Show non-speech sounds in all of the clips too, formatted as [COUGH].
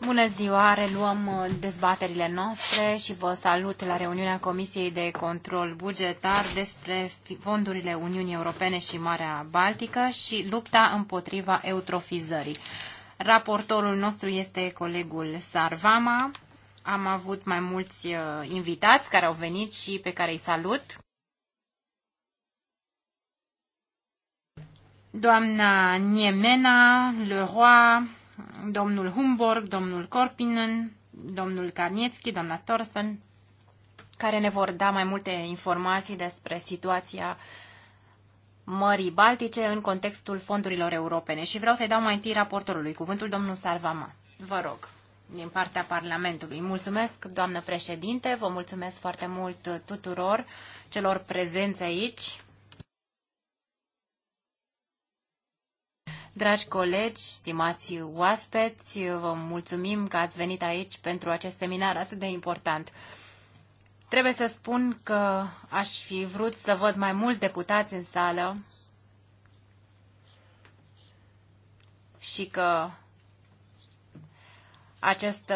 Bună ziua, reluăm uh, dezbaterile noastre și vă salut la reuniunea Comisiei de Control Bugetar despre fondurile Uniunii Europene și Marea Baltică și lupta împotriva eutrofizării. Raportorul nostru este colegul Sarvama. Am avut mai mulți uh, invitați care au venit și pe care îi salut. doamna Niemena, Leroy, domnul Humborg, domnul Corpinen, domnul Karnietski, doamna Thorsen, care ne vor da mai multe informații despre situația Mării Baltice în contextul fondurilor europene. Și vreau să-i dau mai întâi raportorului cuvântul domnul Sarvama. Vă rog, din partea Parlamentului. Mulțumesc, doamnă președinte, vă mulțumesc foarte mult tuturor celor prezenți aici Dragi colegi, stimați oaspeți, vă mulțumim că ați venit aici pentru acest seminar atât de important. Trebuie să spun că aș fi vrut să văd mai mulți deputați în sală și că acest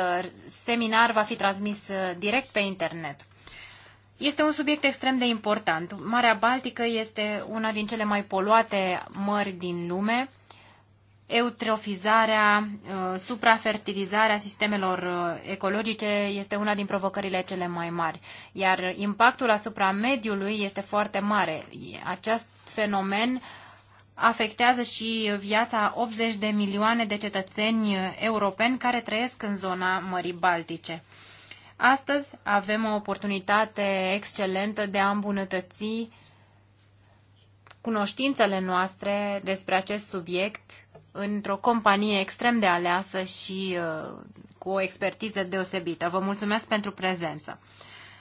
seminar va fi transmis direct pe internet. Este un subiect extrem de important. Marea Baltică este una din cele mai poluate mări din lume. Eutrofizarea, uh, suprafertilizarea sistemelor uh, ecologice este una din provocările cele mai mari, iar impactul asupra mediului este foarte mare. Acest fenomen afectează și viața 80 de milioane de cetățeni europeni care trăiesc în zona Mării Baltice. Astăzi avem o oportunitate excelentă de a îmbunătăți cunoștințele noastre despre acest subiect într-o companie extrem de aleasă și uh, cu o expertiză deosebită. Vă mulțumesc pentru prezență.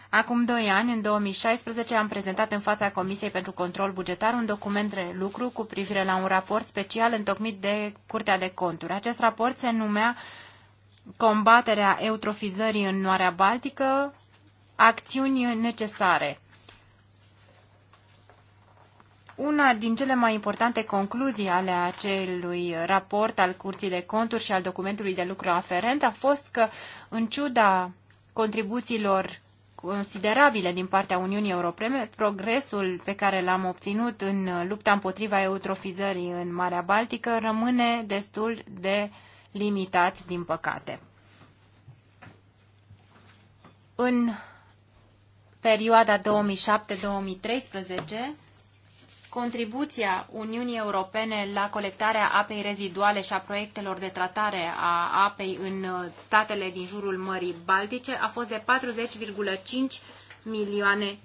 Acum doi ani, în 2016, am prezentat în fața Comisiei pentru Control Bugetar un document de lucru cu privire la un raport special întocmit de Curtea de Conturi. Acest raport se numea uh, combaterea eutrofizării în Marea Baltică, acțiuni necesare. Una din cele mai importante concluzii ale acelui raport al Curții de Conturi și al documentului de lucru aferent a fost că, în ciuda contribuțiilor considerabile din partea Uniunii Europene, progresul pe care l-am obținut în lupta împotriva eutrofizării în Marea Baltică rămâne destul de uh, limitați, din păcate. În perioada 2007-2013, contribuția Uniunii Europene la colectarea apei reziduale și a proiectelor de tratare a apei în uh, statele din jurul Mării Baltice a fost de 40,5 milioane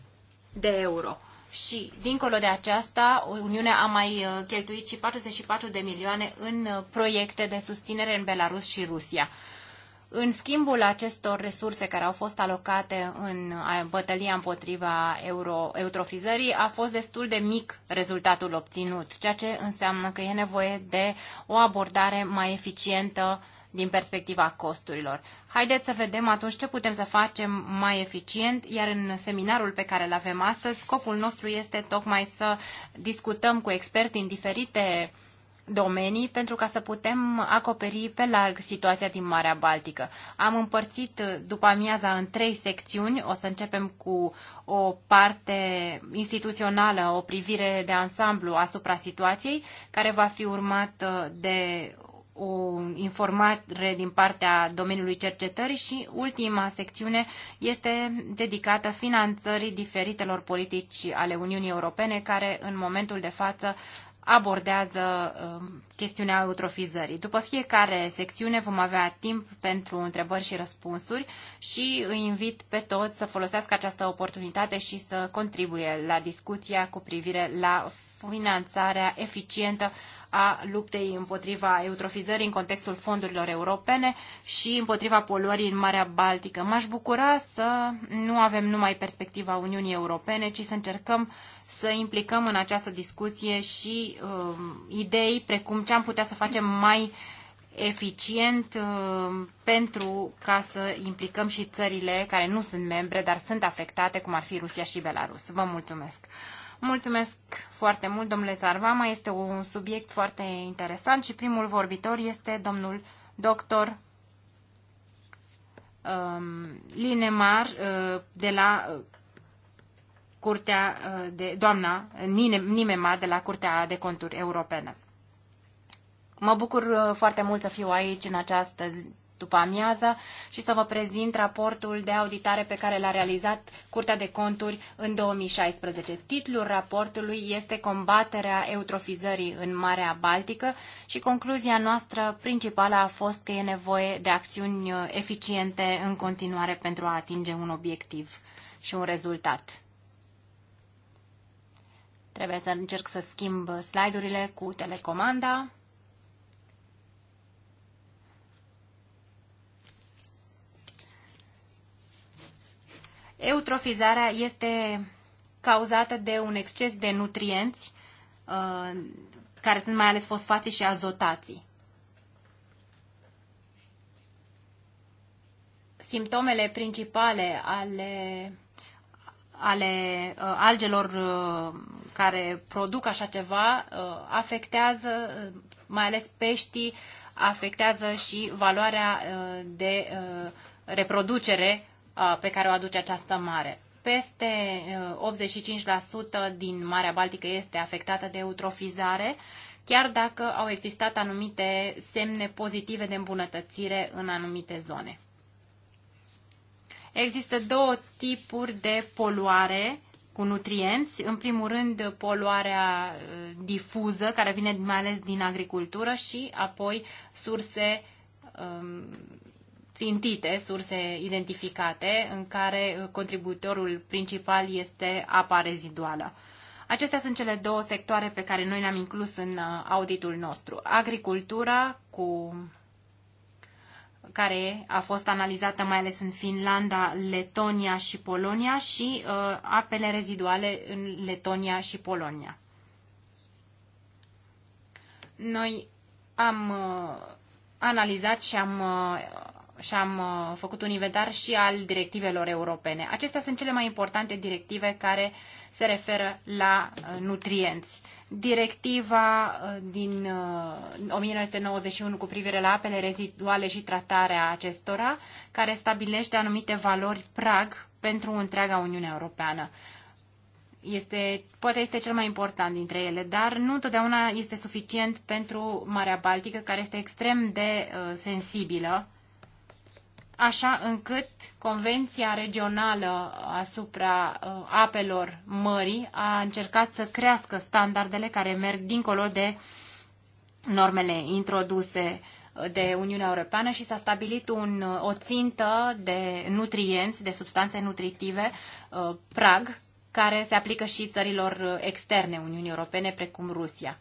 de euro. Și, dincolo de aceasta, Uniunea a mai uh, cheltuit și 44 de milioane în uh, proiecte de susținere în Belarus și Rusia. În schimbul acestor resurse care au fost alocate în uh, bătălia împotriva euro, eutrofizării, a fost destul de mic rezultatul obținut, ceea ce înseamnă că e nevoie de o abordare mai eficientă din perspectiva costurilor. Haideți să vedem atunci ce putem să facem mai eficient, iar în seminarul pe care îl avem astăzi, scopul nostru este tocmai să discutăm cu experți din diferite domenii pentru ca să putem acoperi pe larg situația din Marea Baltică. Am împărțit după amiaza în trei secțiuni. O să începem cu o parte instituțională, o privire de ansamblu asupra situației, care va fi urmat de o informare din partea domeniului cercetării și ultima secțiune este dedicată finanțării diferitelor politici ale Uniunii Europene care în momentul de față abordează um, chestiunea eutrofizării. După fiecare secțiune vom avea timp pentru întrebări și răspunsuri și îi invit pe toți să folosească această oportunitate și să contribuie la discuția cu privire la finanțarea eficientă a luptei împotriva eutrofizării în contextul fondurilor europene și împotriva poluării în Marea Baltică. M-aș bucura să nu avem numai perspectiva Uniunii Europene, ci să încercăm să implicăm în această discuție și uh, idei precum ce am putea să facem mai eficient uh, pentru ca să implicăm și țările care nu sunt membre, dar sunt afectate, cum ar fi Rusia și Belarus. Vă mulțumesc! Mulțumesc foarte mult, domnule Zarvama. Este un subiect foarte interesant și primul vorbitor este domnul doctor um, Linemar uh, de la uh, Curtea uh, de doamna Nimema de la Curtea de Conturi Europene. Mă bucur uh, foarte mult să fiu aici în această după amiază și să vă prezint raportul de auditare pe care l-a realizat Curtea de Conturi în 2016. Titlul raportului este Combaterea eutrofizării în Marea Baltică și concluzia noastră principală a fost că e nevoie de acțiuni uh, eficiente în continuare pentru a atinge un obiectiv și un rezultat. Trebuie să încerc să schimb slide-urile cu telecomanda. Eutrofizarea este cauzată de un exces de nutrienți, uh, care sunt mai ales fosfații și azotații. Simptomele principale ale, ale uh, algelor uh, care produc așa ceva afectează mai ales peștii, afectează și valoarea de reproducere Uh, pe care o aduce această mare. Peste 85% uh, din Marea Baltică este afectată de eutrofizare, chiar dacă au existat anumite semne pozitive de îmbunătățire în anumite zone. Există două tipuri de poluare cu nutrienți. În primul rând, poluarea uh, difuză, care vine mai ales din agricultură și apoi surse um, țintite, surse identificate, în care uh, contributorul principal este apa reziduală. Acestea sunt cele două sectoare pe care noi le-am inclus în uh, auditul nostru. Agricultura, cu care a fost analizată mai ales în Finlanda, Letonia și Polonia și uh, apele reziduale în Letonia și Polonia. Noi am uh, analizat și am uh, și am uh, făcut un inventar și al directivelor europene. Acestea sunt cele mai importante directive care se referă la uh, nutrienți. Directiva uh, din 1991 cu privire la apele reziduale și tratarea acestora, care stabilește anumite valori prag pentru întreaga Uniune Europeană. Este, poate este cel mai important dintre ele, dar nu întotdeauna este suficient pentru Marea Baltică, care este extrem de uh, sensibilă uh, așa încât Convenția Regională asupra uh, apelor mării a încercat să crească standardele care merg dincolo de normele introduse de Uniunea Europeană și s-a stabilit un, uh, o țintă de nutrienți, de substanțe nutritive, uh, prag, care se aplică și țărilor externe Uniunii Europene, precum Rusia.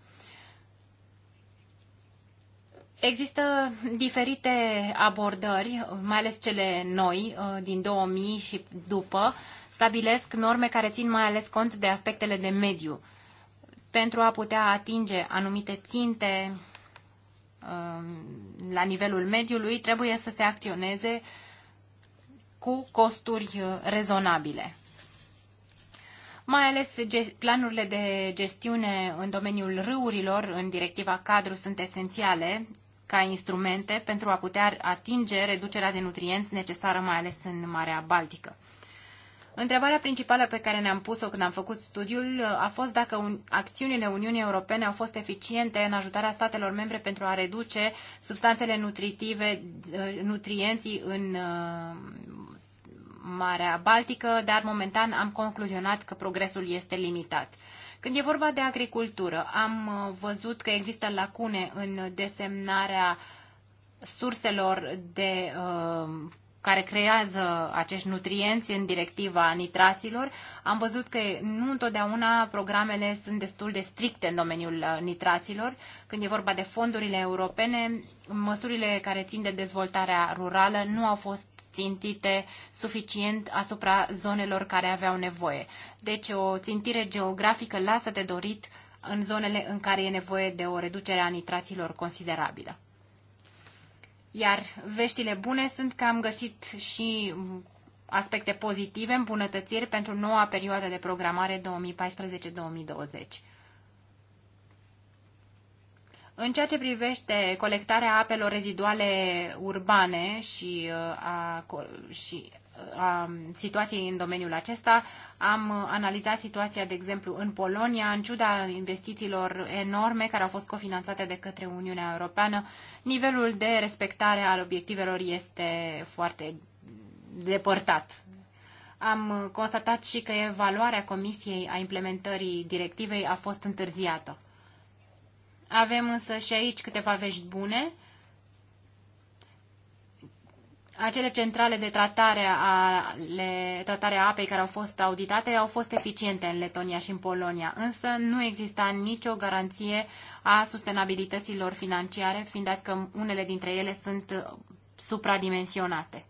Există diferite abordări, mai ales cele noi, uh, din 2000 și după, stabilesc norme care țin mai ales cont de aspectele de mediu pentru a putea atinge anumite ținte um, la nivelul mediului, trebuie să se acționeze cu costuri uh, rezonabile. Mai ales planurile de gestiune în domeniul râurilor în directiva cadru sunt esențiale ca instrumente pentru a putea atinge reducerea de nutrienți necesară mai ales în Marea Baltică. Întrebarea principală pe care ne-am pus-o când am făcut studiul a fost dacă un, acțiunile Uniunii Europene au fost eficiente în ajutarea statelor membre pentru a reduce substanțele nutritive, uh, nutrienții în uh, Marea Baltică, dar momentan am concluzionat că progresul este limitat. Când e vorba de agricultură, am uh, văzut că există lacune în desemnarea surselor de uh, care creează acești nutrienți în directiva nitraților. Am văzut că nu întotdeauna programele sunt destul de stricte în domeniul uh, nitraților. Când e vorba de fondurile europene, măsurile care țin de dezvoltarea rurală nu au fost țintite suficient asupra zonelor care aveau nevoie. Deci o țintire geografică lasă de dorit în zonele în care e nevoie de o reducere a nitraților considerabilă. Iar veștile bune sunt că am găsit și aspecte pozitive, îmbunătățiri pentru noua perioadă de programare 2014-2020. În ceea ce privește colectarea apelor reziduale urbane și uh, a, și uh, a situației în domeniul acesta, am analizat situația, de exemplu, în Polonia, în ciuda investițiilor enorme care au fost cofinanțate de către Uniunea Europeană, nivelul de respectare al obiectivelor este foarte depărtat. Am constatat și că evaluarea Comisiei a implementării directivei a fost întârziată. Avem însă și aici câteva vești bune. Acele centrale de tratare a, le, tratare a apei care au fost auditate au fost eficiente în Letonia și în Polonia, însă nu exista nicio garanție a sustenabilităților financiare, fiind dat că unele dintre ele sunt supradimensionate.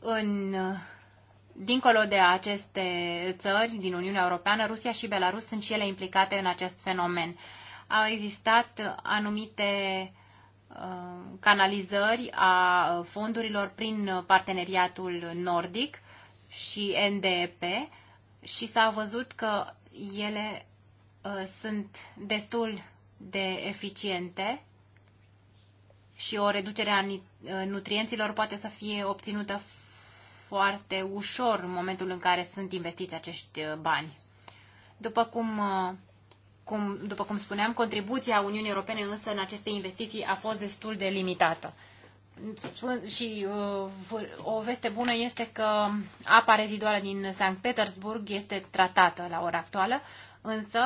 În Dincolo de aceste țări din Uniunea Europeană, Rusia și Belarus sunt și ele implicate în acest fenomen. Au existat anumite uh, canalizări a fondurilor prin parteneriatul nordic și NDP și s-a văzut că ele uh, sunt destul de eficiente și o reducere a uh, nutrienților poate să fie obținută foarte ușor în momentul în care sunt investiți acești uh, bani. După cum, uh, cum, după cum spuneam, contribuția Uniunii Europene însă în aceste investiții a fost destul de limitată. Și uh, o veste bună este că apa reziduală din Sankt Petersburg este tratată la ora actuală, însă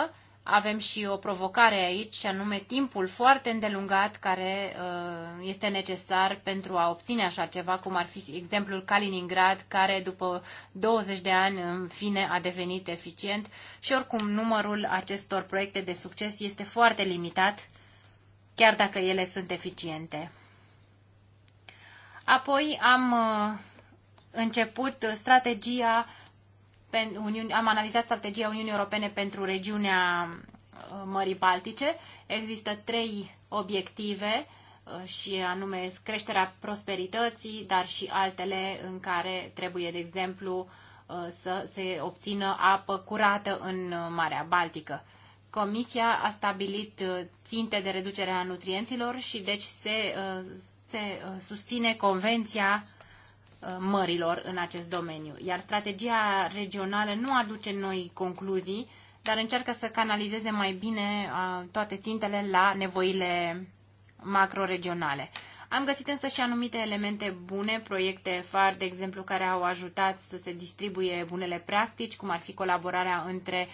avem și o provocare aici, și anume timpul foarte îndelungat care uh, este necesar pentru a obține așa ceva, cum ar fi exemplul Kaliningrad, care după 20 de ani în fine a devenit eficient și oricum numărul acestor proiecte de succes este foarte limitat, chiar dacă ele sunt eficiente. Apoi am uh, început strategia am analizat strategia Uniunii Europene pentru regiunea uh, Mării Baltice. Există trei obiective uh, și anume creșterea prosperității, dar și altele în care trebuie, de exemplu, uh, să se obțină apă curată în Marea Baltică. Comisia a stabilit ținte de reducere a nutrienților și deci se, se susține convenția Uh, mărilor în acest domeniu. Iar strategia regională nu aduce noi concluzii, dar încearcă să canalizeze mai bine uh, toate țintele la nevoile macroregionale. Am găsit însă și anumite elemente bune, proiecte far, de exemplu, care au ajutat să se distribuie bunele practici, cum ar fi colaborarea între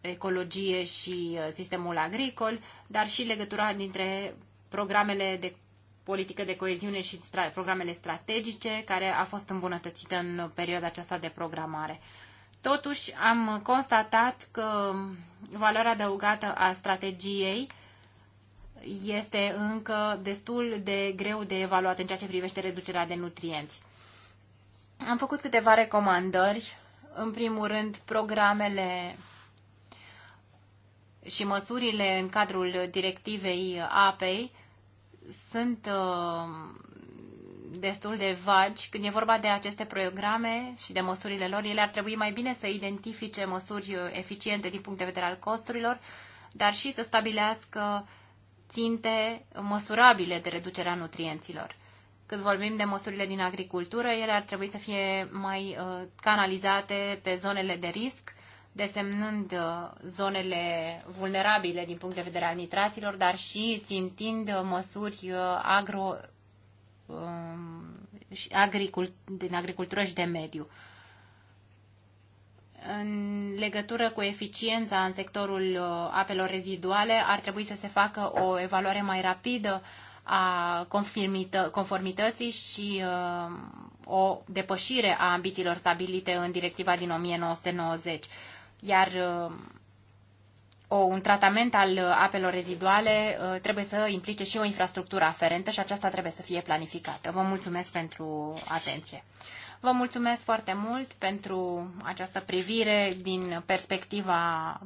ecologie și uh, sistemul agricol, dar și legătura dintre programele de politică de coeziune și stra- programele strategice, care a fost îmbunătățită în perioada aceasta de programare. Totuși, am constatat că valoarea adăugată a strategiei este încă destul de greu de evaluat în ceea ce privește reducerea de nutrienți. Am făcut câteva recomandări. În primul rând, programele și măsurile în cadrul directivei apei sunt uh, destul de vagi. Când e vorba de aceste programe și de măsurile lor, ele ar trebui mai bine să identifice măsuri uh, eficiente din punct de vedere al costurilor, dar și să stabilească ținte măsurabile de reducerea nutrienților. Când vorbim de măsurile din agricultură, ele ar trebui să fie mai uh, canalizate pe zonele de risc desemnând uh, zonele vulnerabile din punct de vedere al nitraților, dar și țintind uh, măsuri uh, agro, um, din agricultură și de mediu. În legătură cu eficiența în sectorul apelor reziduale, ar trebui să se facă o evaluare mai rapidă a conformității și o depășire a ambițiilor stabilite în directiva din 1990 iar uh, o, un tratament al uh, apelor reziduale uh, trebuie să implice și o infrastructură aferentă și aceasta trebuie să fie planificată. Vă mulțumesc pentru atenție. Vă mulțumesc foarte mult pentru această privire din perspectiva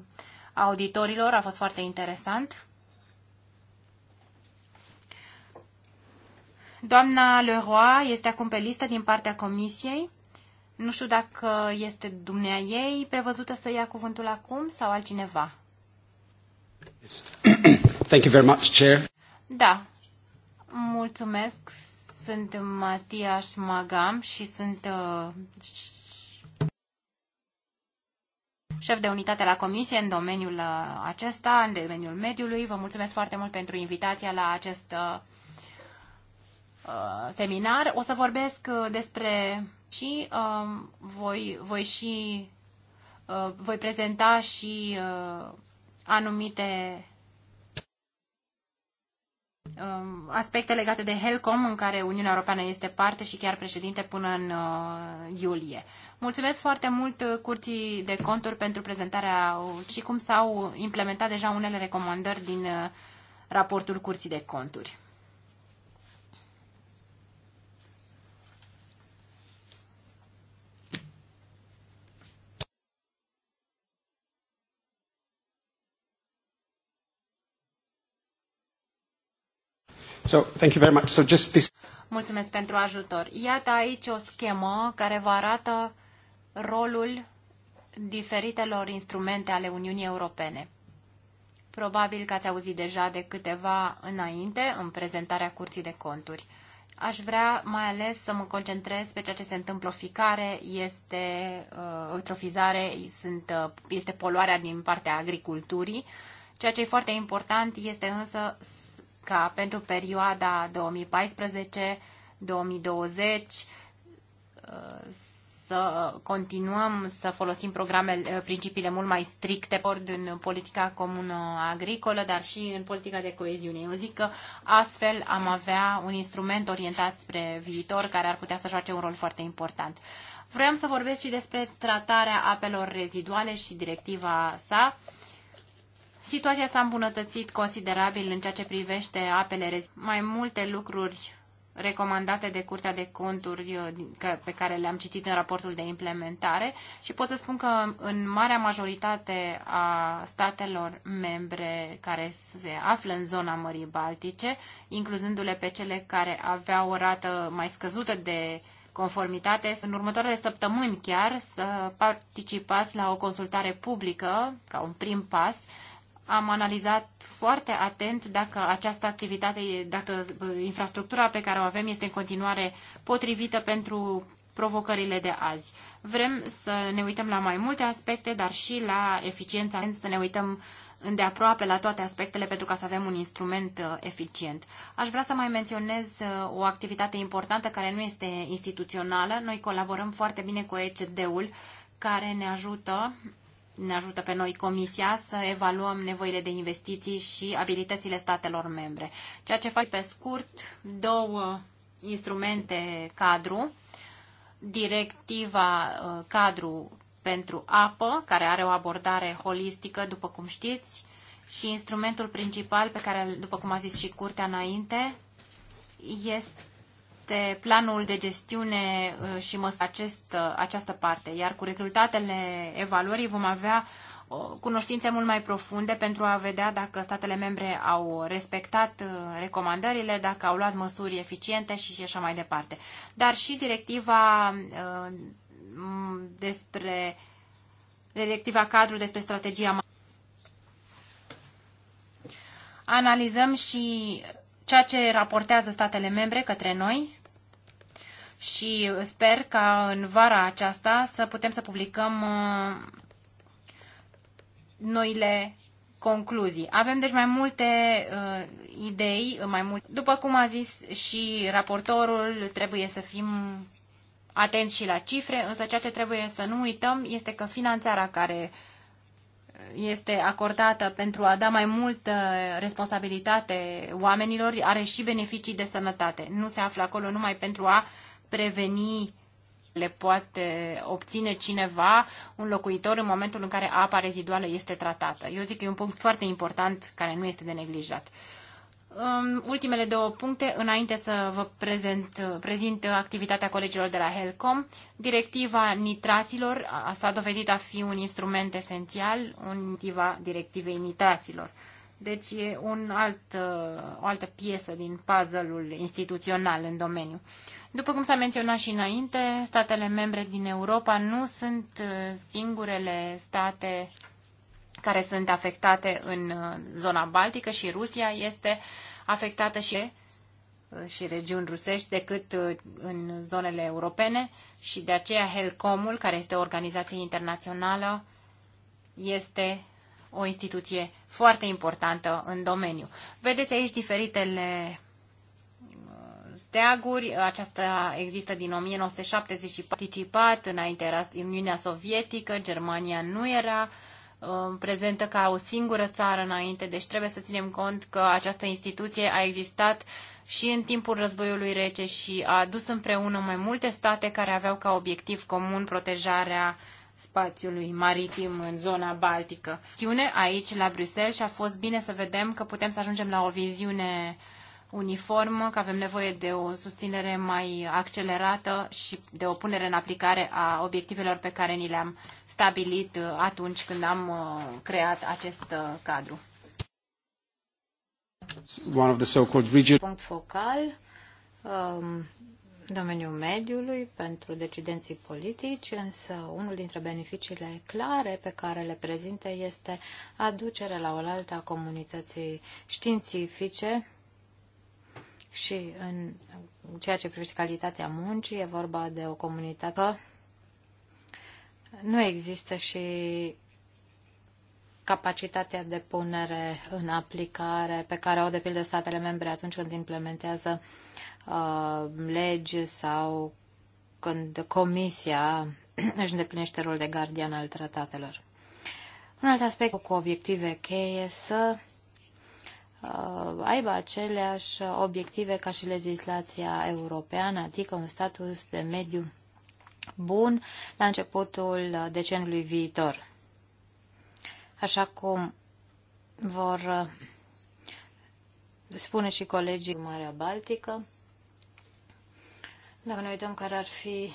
auditorilor. A fost foarte interesant. Doamna Leroy este acum pe listă din partea comisiei. Nu știu dacă este dumnea ei prevăzută să ia cuvântul acum sau altcineva. [CLEARS THROAT] Thank you very much, Chair. Da. Mulțumesc. Sunt Matia Magam și sunt uh, șef de unitate la comisie în domeniul uh, acesta, în domeniul mediului. Vă mulțumesc foarte mult pentru invitația la acest uh, uh seminar. O să vorbesc despre și um, voi, voi și uh, voi prezenta și uh, anumite um, aspecte legate de Helcom, în care Uniunea Europeană este parte și chiar președinte până în uh, iulie. Mulțumesc foarte mult uh, Curții de Conturi pentru prezentarea și cum s-au implementat deja unele recomandări din uh, raportul Curții de Conturi. So, thank you very much. So just this... Mulțumesc pentru ajutor. Iată aici o schemă care vă arată rolul diferitelor instrumente ale Uniunii Europene. Probabil că ați auzit deja de câteva înainte în prezentarea Curții de Conturi. Aș vrea mai ales să mă concentrez pe ceea ce se întâmplă. Ficare este uh, eutrofizare, sunt, uh, este poluarea din partea agriculturii. Ceea ce e foarte important este însă ca pentru perioada 2014-2020 să continuăm să folosim programele, principiile mult mai stricte în politica comună agricolă, dar și în politica de coeziune. Eu zic că astfel am avea un instrument orientat spre viitor care ar putea să joace un rol foarte important. Vreau să vorbesc și despre tratarea apelor reziduale și directiva sa Situația s-a îmbunătățit considerabil în ceea ce privește apele Mai multe lucruri recomandate de Curtea de Conturi uh, pe care le-am citit în raportul de implementare și pot să spun că în marea majoritate a statelor membre care se află în zona Mării Baltice, incluzându-le pe cele care aveau o rată mai scăzută de conformitate, în următoarele săptămâni chiar să participați la o consultare publică, ca un prim pas, am analizat foarte atent dacă această activitate, dacă infrastructura pe care o avem este în continuare potrivită pentru provocările de azi. Vrem să ne uităm la mai multe aspecte, dar și la eficiența, să ne uităm îndeaproape la toate aspectele pentru ca să avem un instrument uh, eficient. Aș vrea să mai menționez uh, o activitate importantă care nu este instituțională. Noi colaborăm foarte bine cu ECD-ul care ne ajută ne ajută pe noi Comisia să evaluăm nevoile de investiții și abilitățile statelor membre. Ceea ce fac pe scurt, două instrumente cadru, directiva uh, cadru pentru apă, care are o abordare holistică, după cum știți, și instrumentul principal pe care, după cum a zis și curtea înainte, este este planul de gestiune uh, și măs- acest, uh, această parte, iar cu rezultatele evaluării vom avea uh, cunoștințe mult mai profunde pentru a vedea dacă statele membre au respectat recomandările, dacă au luat măsuri eficiente și așa mai departe. Dar și directiva despre directiva cadru despre strategia analizăm și ceea ce raportează statele membre către noi și sper ca în vara aceasta să putem să publicăm uh, noile concluzii. Avem deci mai multe uh, idei, mai mult. După cum a zis și raportorul, trebuie să fim atenți și la cifre, însă ceea ce trebuie să nu uităm este că finanțarea care este acordată pentru a da mai multă responsabilitate oamenilor are și beneficii de sănătate. Nu se află acolo numai pentru a uh, preveni le poate obține cineva, un locuitor, în momentul în care apa reziduală este tratată. Eu zic că e un punct foarte important care nu este de neglijat. Ultimele două puncte, înainte să vă prezent, prezint activitatea colegilor de la Helcom. Directiva nitraților s-a dovedit a fi un instrument esențial, un directivei nitraților. Deci e un alt, uh, o altă piesă din puzzle-ul instituțional în domeniu. După cum s-a menționat și înainte, statele membre din Europa nu sunt uh, singurele state care sunt afectate în uh, zona Baltică și Rusia este afectată și și regiuni rusești decât în zonele europene și de aceea Helcomul, care este o organizație internațională, este o instituție foarte importantă în domeniu. Vedeți aici diferitele uh, steaguri. Aceasta există din 1974 participat înainte era Uniunea Sovietică, Germania nu era uh, prezentă ca o singură țară înainte, deci trebuie să ținem cont că această instituție a existat și în timpul războiului rece și a adus împreună mai multe state care aveau ca obiectiv comun protejarea uh, spațiului maritim în zona baltică. Chiune aici, la Bruxelles, și a fost bine să vedem că putem să ajungem la o viziune uniformă, că avem nevoie de o susținere mai accelerată și de o punere în aplicare a obiectivelor pe care ni le-am stabilit uh, atunci când am uh, creat acest uh, cadru. One of the so-called region... Punct focal. Um domeniul mediului pentru decidenții politici, însă unul dintre beneficiile clare pe care le prezinte este aducerea la oaltă a comunității științifice și în ceea ce privește calitatea muncii, e vorba de o comunitate nu există și capacitatea de punere în aplicare pe care o de pildă statele membre atunci când implementează uh, Uh, lege sau când Comisia [CLEARS THROAT] își îndeplinește rolul de gardian al tratatelor. Un alt aspect cu obiective cheie să uh, aibă aceleași obiective ca și legislația europeană, adică un status de mediu bun la începutul decenului viitor. Așa cum vor uh, spune și colegii Marea Baltică, dacă ne uităm care ar fi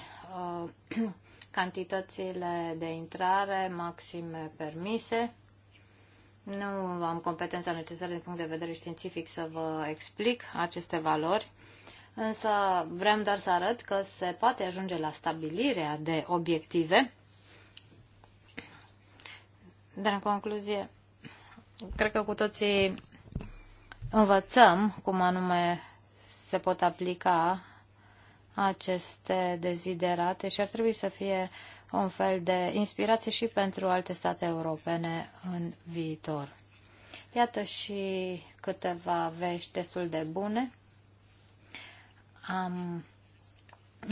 uh, [CLEARS THROAT] cantitățile de intrare maxime permise, nu am competența necesară din punct de vedere științific să vă explic aceste valori, însă vrem doar să arăt că se poate ajunge la stabilirea de obiective. Dar în concluzie, cred că cu toții învățăm cum anume se pot aplica aceste deziderate și ar trebui să fie un fel de inspirație și pentru alte state europene în viitor. Iată și câteva vești destul de bune. Am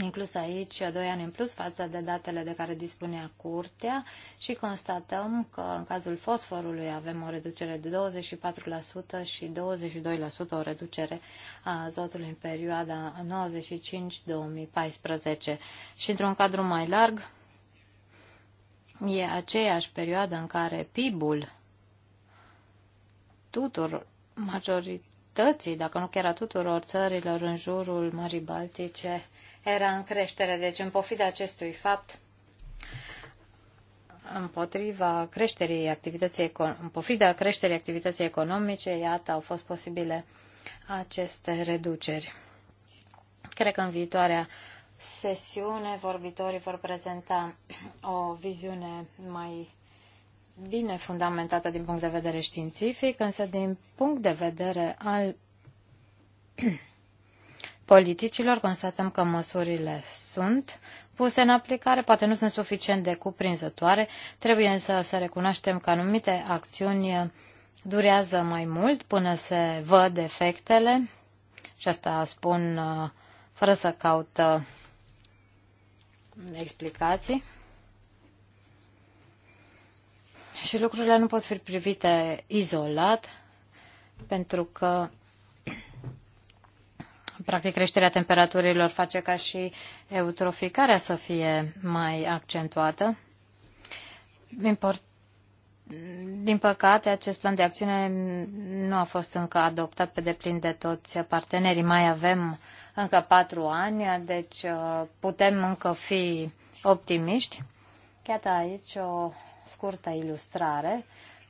inclus aici doi ani în plus față de datele de care dispunea curtea și constatăm că în cazul fosforului avem o reducere de 24% și 22% o reducere a azotului în perioada 95-2014 și într-un cadru mai larg e aceeași perioadă în care PIB-ul tuturor majorității, dacă nu chiar a tuturor țărilor în jurul Mării Baltice, era în creștere. Deci, în pofida acestui fapt, împotriva creșterii activității, în pofida creșterii activității economice, iată, au fost posibile aceste reduceri. Cred că în viitoarea sesiune vorbitorii vor prezenta o viziune mai bine fundamentată din punct de vedere științific, însă din punct de vedere al politicilor, constatăm că măsurile sunt puse în aplicare, poate nu sunt suficient de cuprinzătoare, trebuie însă să recunoaștem că anumite acțiuni durează mai mult până se văd efectele și asta spun uh, fără să caut uh, explicații. Și lucrurile nu pot fi privite izolat, pentru că practic creșterea temperaturilor face ca și eutroficarea să fie mai accentuată. din păcate, acest plan de acțiune nu a fost încă adoptat pe deplin de toți partenerii. Mai avem încă patru ani, deci uh, putem încă fi optimiști. Iată aici o scurtă ilustrare.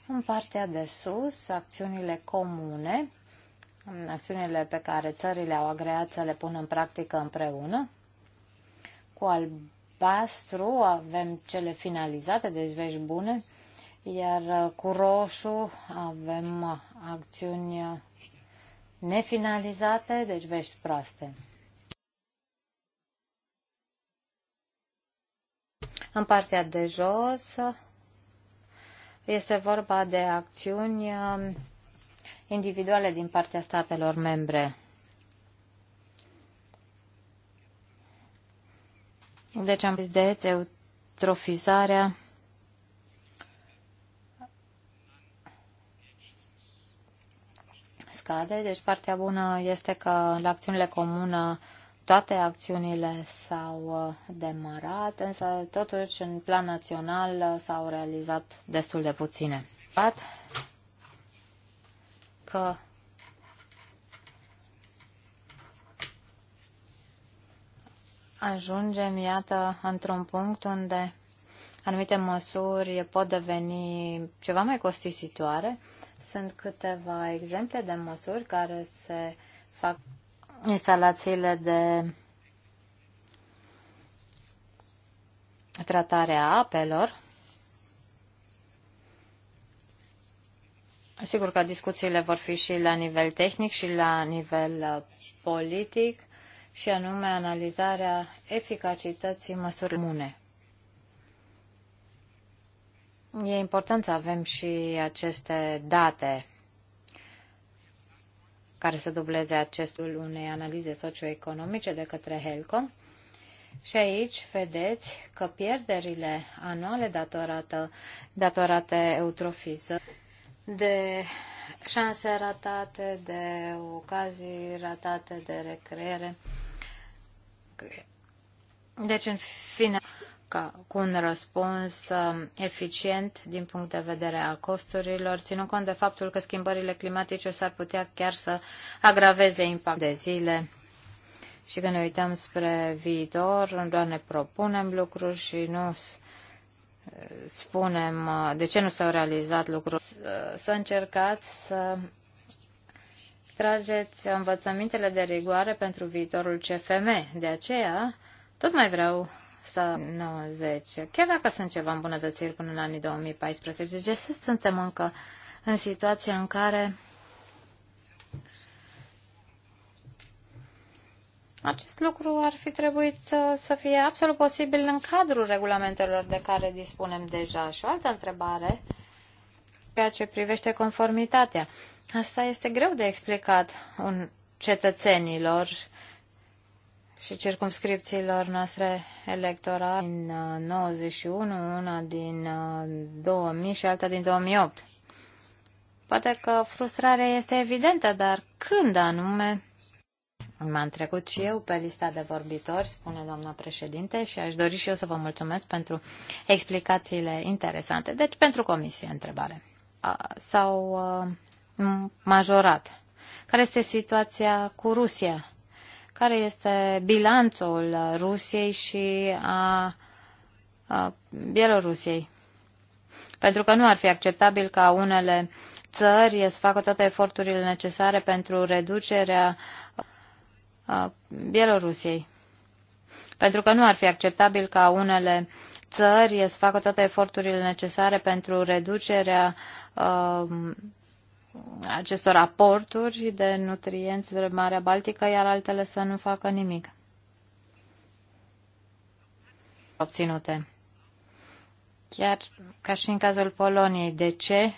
În partea de sus, acțiunile comune acțiunile pe care țările au agreat să le pună în practică împreună. Cu albastru avem cele finalizate, deci vești bune, iar uh, cu roșu avem acțiuni nefinalizate, deci vești proaste. În partea de jos este vorba de acțiuni uh, individuale din partea statelor membre. Deci am zis de eutrofizarea scade, deci partea bună este că la acțiunile comună toate acțiunile s-au uh, demarat, însă totuși în plan național s-au realizat destul de puține că ajungem, iată, într-un punct unde anumite măsuri pot deveni ceva mai costisitoare. Sunt câteva exemple de măsuri care se fac instalațiile de tratare a apelor, Sigur că discuțiile vor fi și la nivel tehnic și la nivel uh, politic și anume analizarea eficacității măsurilor comune. E important să avem și aceste date care să dubleze acestul unei analize socioeconomice de către Helcom. Și aici vedeți că pierderile anuale datorate datorate eutrofiză de șanse ratate, de ocazii ratate, de recreere. Deci, în fine, ca, cu un răspuns um, eficient din punct de vedere a costurilor, ținând cont de faptul că schimbările climatice s-ar putea chiar să agraveze impactul de zile. Și când ne uităm spre viitor, doar ne propunem lucruri și nu spunem uh, de ce nu s-au realizat lucruri, să încercați să trageți învățămintele de rigoare pentru viitorul CFM. De aceea, tot mai vreau să 90. Chiar dacă sunt ceva îmbunătățiri până în anii 2014, de ce suntem încă în situația în care Acest lucru ar fi trebuit să, să fie absolut posibil în cadrul regulamentelor de care dispunem deja. Și o altă întrebare, ceea ce privește conformitatea. Asta este greu de explicat un cetățenilor și circumscripțiilor noastre electorale din 91, una din 2000 uh, și alta din 2008. Poate că frustrarea este evidentă, dar când anume M-am trecut și eu pe lista de vorbitori, spune doamna președinte, și aș dori și eu să vă mulțumesc pentru explicațiile interesante. Deci, pentru comisie, întrebare. S-au majorat. Care este situația cu Rusia? Care este bilanțul Rusiei și a, a Bielorusiei? Pentru că nu ar fi acceptabil ca unele țări să facă toate eforturile necesare pentru reducerea uh, Bielorusiei. Pentru că nu ar fi acceptabil ca unele țări să facă toate eforturile necesare pentru reducerea uh, acestor aporturi de nutrienți de Marea Baltică, iar altele să nu facă nimic. Obținute. Chiar ca și în cazul Poloniei, de ce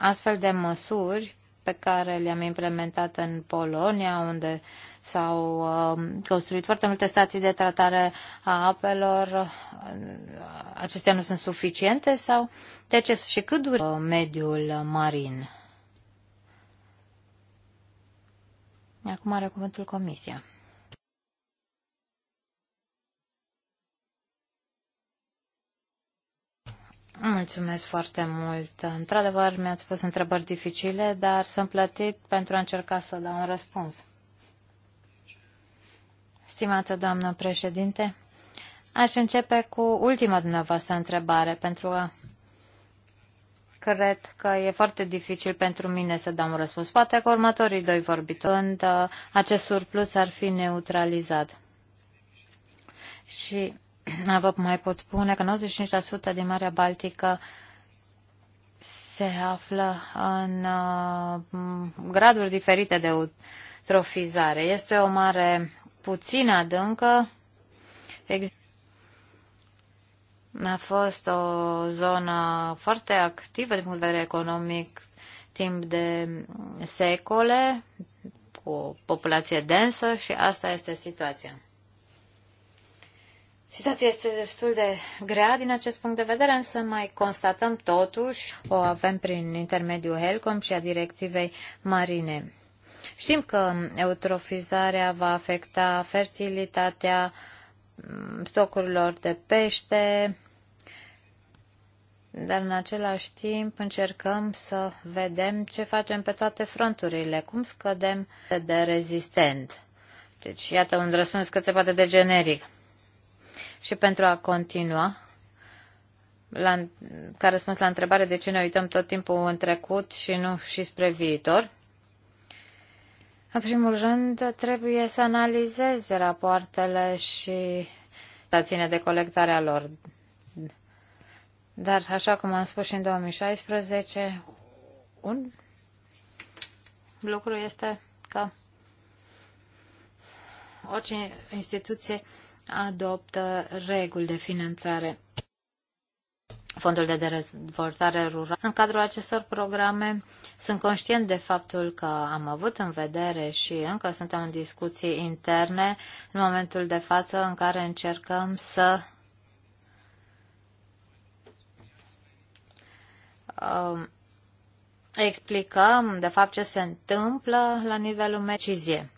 astfel de măsuri pe care le-am implementat în Polonia, unde s-au um, construit foarte multe stații de tratare a apelor. Acestea nu sunt suficiente sau de ce și cât dură mediul marin? Acum are cuvântul Comisia. Mulțumesc foarte mult. Într-adevăr, mi-ați pus întrebări dificile, dar sunt plătit pentru a încerca să dau un răspuns. Stimată doamnă președinte, aș începe cu ultima dumneavoastră întrebare, pentru că cred că e foarte dificil pentru mine să dau un răspuns. Poate că următorii doi vorbitori, uh, acest surplus ar fi neutralizat. Și Ah, vă mai pot spune că 95% din Marea Baltică se află în uh, graduri diferite de eutrofizare. Este o mare puțin adâncă. A fost o zonă foarte activă din punct de vedere economic timp de secole, cu o populație densă și asta este situația. Situația este destul de grea din acest punct de vedere, însă mai constatăm totuși, o avem prin intermediul HELCOM și a directivei marine. Știm că eutrofizarea va afecta fertilitatea mm, stocurilor de pește, dar în același timp încercăm să vedem ce facem pe toate fronturile, cum scădem de rezistent. Deci, iată un răspuns cât se poate de generic și pentru a continua, la, ca răspuns la întrebare de ce ne uităm tot timpul în trecut și nu și spre viitor, în primul rând trebuie să analizeze rapoartele și să ține de colectarea lor. Dar, așa cum am spus și în 2016, un lucru este că orice instituție adoptă reguli de finanțare. Fondul de dezvoltare rurală. În cadrul acestor programe sunt conștient de faptul că am avut în vedere și încă suntem în discuții interne în momentul de față în care încercăm să uh, explicăm de fapt ce se întâmplă la nivelul decizie.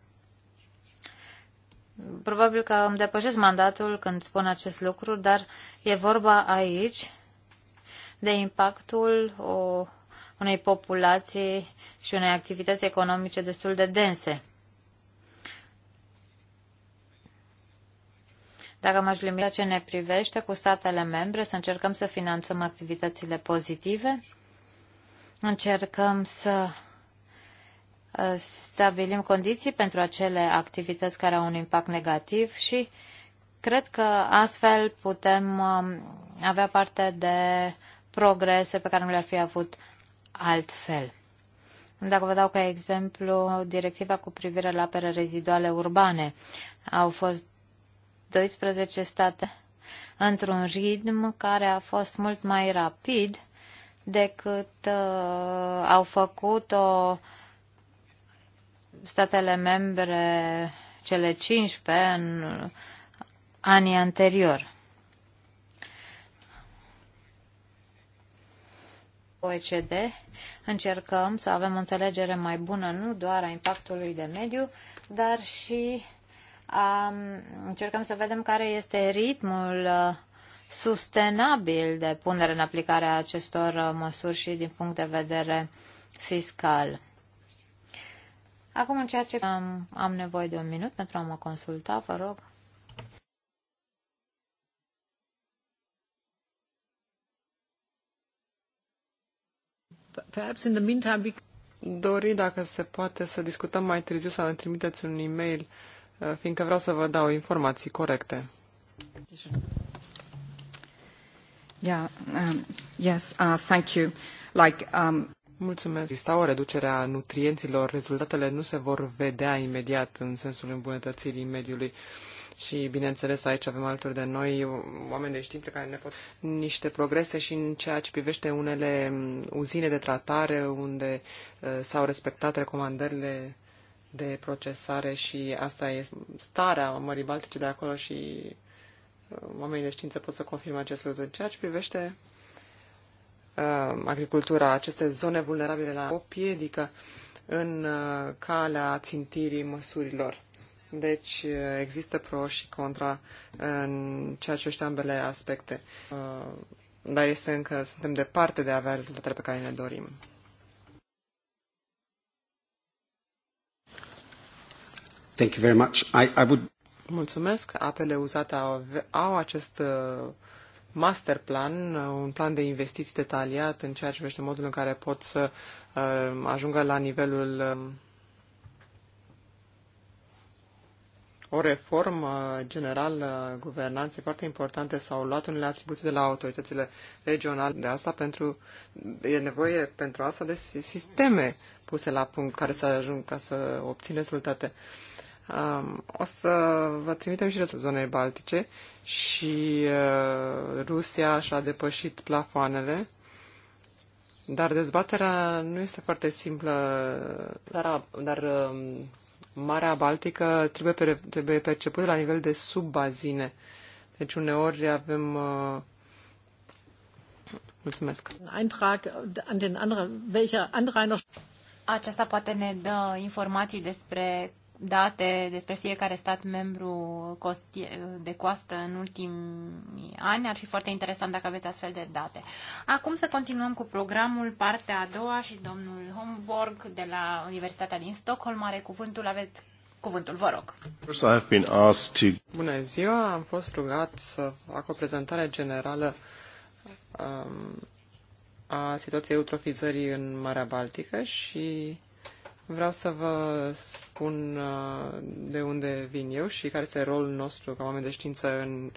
Probabil că îmi depășesc mandatul când spun acest lucru, dar e vorba aici de impactul o, unei populații și unei activități economice destul de dense. Dacă m-aș limita ce ne privește cu statele membre, să încercăm să finanțăm activitățile pozitive, încercăm să stabilim condiții pentru acele activități care au un impact negativ și cred că astfel putem um, avea parte de progrese pe care nu le-ar fi avut altfel. Dacă vă dau ca exemplu directiva cu privire la apere reziduale urbane, au fost 12 state într-un ritm care a fost mult mai rapid decât uh, au făcut-o uh, statele membre, cele 15, în anii anterior. OECD încercăm să avem o înțelegere mai bună nu doar a impactului de mediu, dar și a, încercăm să vedem care este ritmul uh, sustenabil de punere în aplicare a acestor uh, măsuri și din punct de vedere fiscal. Acum, în ceea ce am, am nevoie de un minut pentru a mă consulta, vă rog. Perhaps in the meantime we... Dori, dacă se poate, să discutăm mai târziu sau ne trimiteți un e-mail, uh, fiindcă vreau să vă dau informații corecte. Yeah, um, yes, uh, thank you. Like, um... Mulțumesc. Exista o reducere a nutrienților, rezultatele nu se vor vedea imediat în sensul îmbunătățirii mediului. Și, bineînțeles, aici avem alături de noi oameni de știință care ne pot niște progrese și în ceea ce privește unele uzine de tratare unde uh, s-au respectat recomandările de procesare și asta e starea Mării Baltice de acolo și uh, oamenii de știință pot să confirme acest lucru. În ceea ce privește Uh, agricultura, aceste zone vulnerabile la o piedică în uh, calea țintirii măsurilor. Deci uh, există pro și contra în ceea ce știu ambele aspecte. Dar este încă, suntem departe de a avea rezultatele pe care ne dorim. Thank you very much. I, I would... Mulțumesc. Apele uzate au, au acest uh, master plan, un plan de investiții detaliat în ceea ce privește modul în care pot să uh, ajungă la nivelul um, o reformă generală guvernanței foarte importante s-au luat unele atribuții de la autoritățile regionale. De asta pentru, e nevoie pentru asta de sisteme puse la punct care să ajung ca să obțin rezultate. Uh, Um, o să vă trimitem și restul zonei baltice și uh, Rusia și-a depășit plafoanele, dar dezbaterea nu este foarte simplă, dar, dar um, Marea Baltică trebuie, pe, trebuie percepută la nivel de subbazine. Deci uneori avem uh, Mulțumesc. Aceasta poate ne dă informații despre date despre fiecare stat membru de coastă în ultimii ani. Ar fi foarte interesant dacă aveți astfel de date. Acum să continuăm cu programul, partea a doua și domnul Homborg de la Universitatea din Stockholm are cuvântul. Aveți cuvântul, vă rog. Bună ziua, am fost rugat să fac o prezentare generală um, a situației eutrofizării în Marea Baltică și Vreau să vă spun uh, de unde vin eu și care este rolul nostru ca oameni de știință în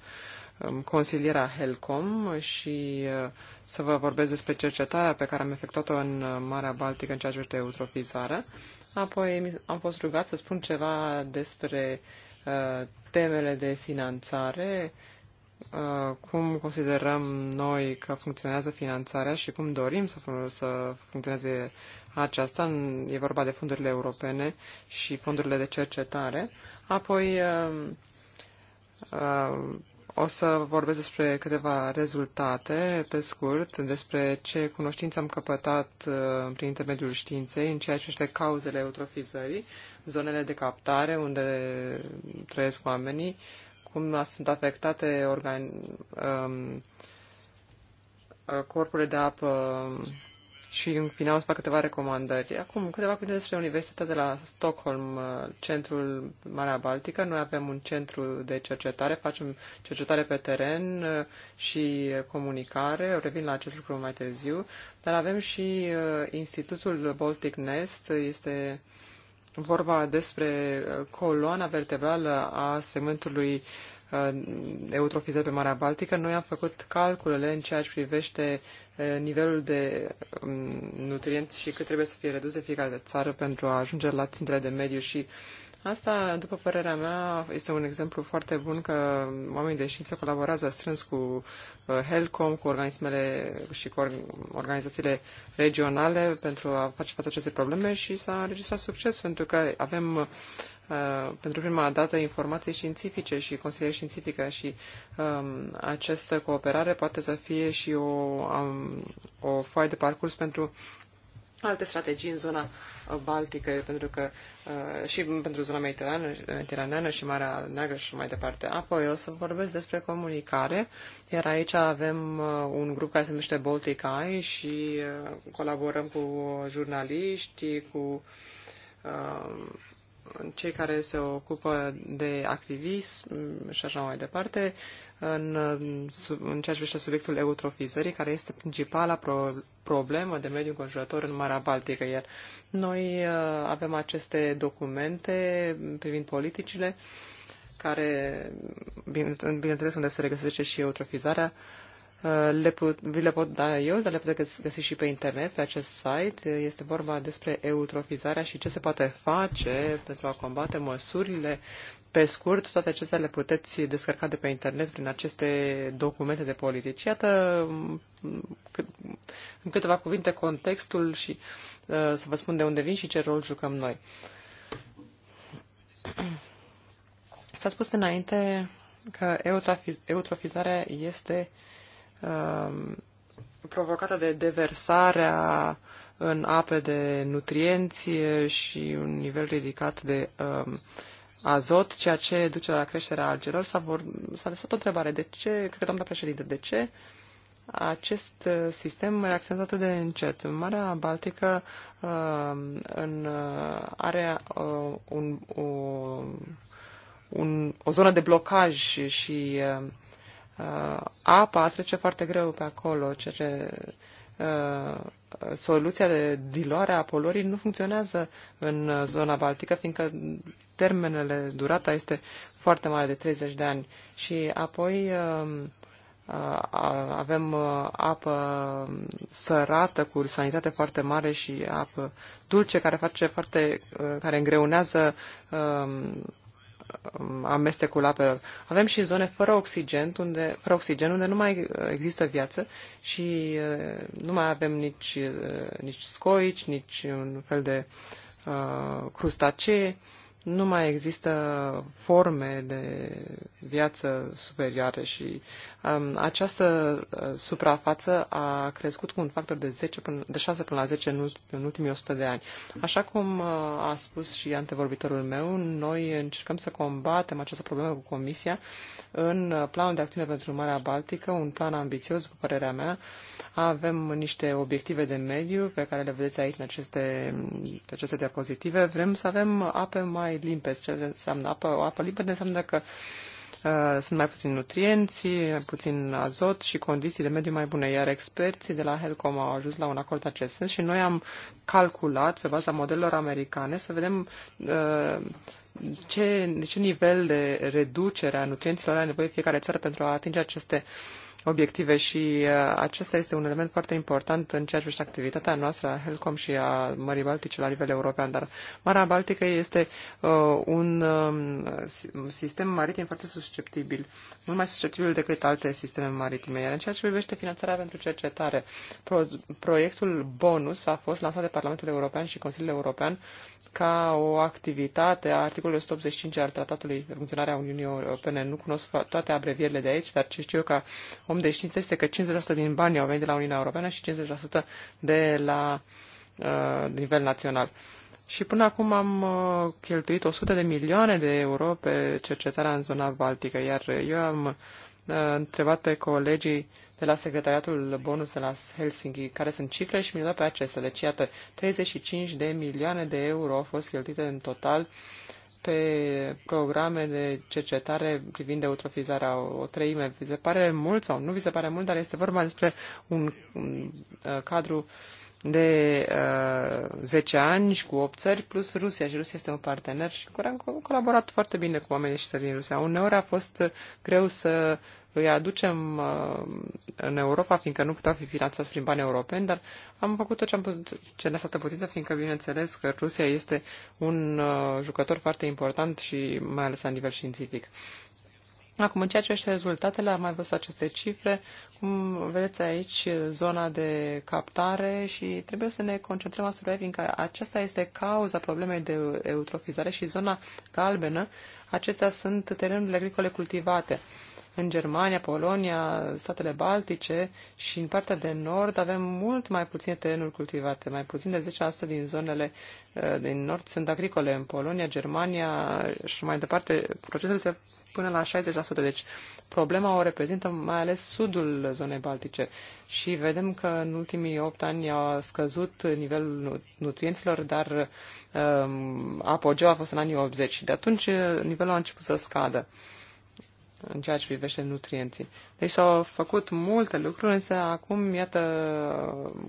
consilierea Helcom și uh, să vă vorbesc despre cercetarea pe care am efectuat-o în uh, Marea Baltică în ceea ce privește eutrofizarea. Apoi am fost rugat să spun ceva despre temele de finanțare, cum considerăm noi că funcționează finanțarea și cum dorim să, să funcționeze aceasta, e vorba de fondurile europene și fondurile de cercetare. Apoi uh, uh, o să vorbesc despre câteva rezultate, pe scurt, despre ce cunoștințe am căpătat uh, prin intermediul științei în ceea ce este cauzele eutrofizării, zonele de captare unde trăiesc oamenii, cum sunt afectate organ, um, corpurile de apă și în final o să fac câteva recomandări. Acum, câteva cuvinte despre Universitatea de la Stockholm, uh, centrul Marea Baltică. Noi avem un centru de cercetare, facem cercetare pe teren uh, și comunicare. O revin la acest lucru mai târziu. Dar avem și uh, Institutul Baltic Nest. Este vorba despre coloana vertebrală a segmentului eutrofizat pe Marea Baltică. Noi am făcut calculele în ceea ce privește uh, nivelul de um, nutrienți și cât trebuie să fie redus de fiecare țară pentru a ajunge la țintele de mediu și Asta, după părerea mea, este un exemplu foarte bun că oamenii de știință colaborează strâns cu uh, HELCOM, cu organismele și cu organizațiile regionale pentru a face față aceste probleme și s-a înregistrat succes pentru că avem uh, pentru prima dată informații științifice și consiliere științifică și um, această cooperare poate să fie și o, um, o foaie de parcurs pentru alte strategii în zona Baltică, pentru că uh, și pentru zona mediteraneană, și Marea Neagră și mai departe. Apoi o să vorbesc despre comunicare, iar aici avem uh, un grup care se numește Baltic Eye și uh, colaborăm cu jurnaliști, cu cei care se ocupă de activism și așa mai departe în, în ceea ce privește subiectul eutrofizării, care este principala pro, problemă de mediu înconjurător în Marea Baltică. Iar noi uh, avem aceste documente privind politicile, care, bine, bineînțeles, unde se regăsește și eutrofizarea, uh, le put, vi le pot da eu, dar le puteți găsi și pe internet, pe acest site. Este vorba despre eutrofizarea și ce se poate face pentru a combate măsurile pe scurt, toate acestea le puteți descărca de pe internet prin aceste documente de politici. Iată, în câteva cuvinte, contextul și uh, să vă spun de unde vin și ce rol jucăm noi. [CLEARS THROAT] S-a spus înainte că eutrofizarea este um, provocată de deversarea în ape de nutrienți și un nivel ridicat de uh, azot, ceea ce duce la creșterea algelor. S-a, vor... s-a lăsat o întrebare. De ce, cred că doamna președinte, de ce acest uh, sistem reacționează atât de încet? Marea Baltică uh, în, uh, are uh, un, o, un, o zonă de blocaj și uh, uh apa trece foarte greu pe acolo, ceea ce uh, soluția de diluare a polorii nu funcționează în zona baltică, fiindcă termenele, durata este foarte mare de 30 de ani. Și apoi um, avem uh, apă sărată cu sanitate foarte mare și apă dulce care face foarte, uh, care îngreunează um, amestecul apelor. Avem și zone fără oxigen, unde, fără oxigen, unde nu mai există viață și nu mai avem nici, nici scoici, nici un fel de uh, crustacee, nu mai există forme de viață superioare și Um, această uh, suprafață a crescut cu un factor de, 10 până, de 6 până la 10 în, ultim, în ultimii 100 de ani. Așa cum uh, a spus și antevorbitorul meu, noi încercăm să combatem această problemă cu Comisia în uh, planul de acțiune pentru Marea Baltică, un plan ambițios, după părerea mea. Avem niște obiective de mediu pe care le vedeți aici în aceste, pe aceste diapozitive. Vrem să avem ape mai limpezi. Ce înseamnă apă? O apă limpede înseamnă că uh, Uh, sunt mai puțin nutrienți, puțin azot și condiții de mediu mai bune, iar experții de la Helcom au ajuns la un acord acest sens și noi am calculat pe baza modelelor americane să vedem uh, ce, ce nivel de reducere a nutrienților are nevoie fiecare țară pentru a atinge aceste uh, obiective și uh, acesta este un element foarte important în ceea ce privește activitatea noastră a Helcom și a Mării Baltice la nivel european, dar Marea Baltică este uh, um, un sistem maritim foarte susceptibil, mult mai susceptibil decât alte sisteme maritime. Iar în ceea ce privește finanțarea pentru cercetare, proiectul bonus a fost lansat de Parlamentul European și Consiliul European ca o activitate a articolului 185 al Tratatului de Funcționare a Uniunii Europene. Nu cunosc toate abrevierile de aici, dar ce știu ca o om deci, știință este că 50% din bani au venit de la Uniunea Europeană și 50% de la uh, nivel național. Și până acum am uh, cheltuit 100 de milioane de euro pe cercetarea în zona baltică, iar eu am uh, întrebat pe colegii de la secretariatul bonus de la Helsinki, care sunt cifre și mi-au dat pe acestea. Deci, iată, 35 de milioane de euro au fost cheltuite în total uh, pe programe de cercetare privind eutrofizarea o treime. Vi se pare mult sau nu vi se pare mult, dar este vorba despre un, un uh, cadru de uh, 10 ani și cu 8 țări, plus Rusia. Și Rusia este un partener și cu am colaborat foarte bine cu oamenii și țări din Rusia. Uneori a fost uh, greu să îi aducem uh, în Europa, fiindcă nu puteau fi finanțați prin bani europeni, dar am făcut tot ce am putut, ce ne-a stat putință, fiindcă, bineînțeles, că Rusia este un uh, jucător foarte important și mai ales la nivel științific. Acum, în ceea ce este rezultatele, am mai văzut aceste cifre. Cum vedeți aici, zona de captare și trebuie să ne concentrăm asupra ei, fiindcă aceasta este cauza problemei de eutrofizare și zona galbenă, acestea sunt terenurile agricole cultivate în Germania, Polonia, statele Baltice și în partea de nord avem mult mai puține terenuri cultivate. Mai puțin de 10% din zonele uh, din nord sunt agricole. În Polonia, Germania și mai departe, procentul se până la 60%. Deci problema o reprezintă mai ales sudul zonei Baltice. Și vedem că în ultimii 8 ani a scăzut nivelul nutrienților, dar um, apogeu a fost în anii 80 și de atunci nivelul a început să scadă în ceea ce privește nutrienții. Deci s-au făcut multe lucruri, însă acum, iată,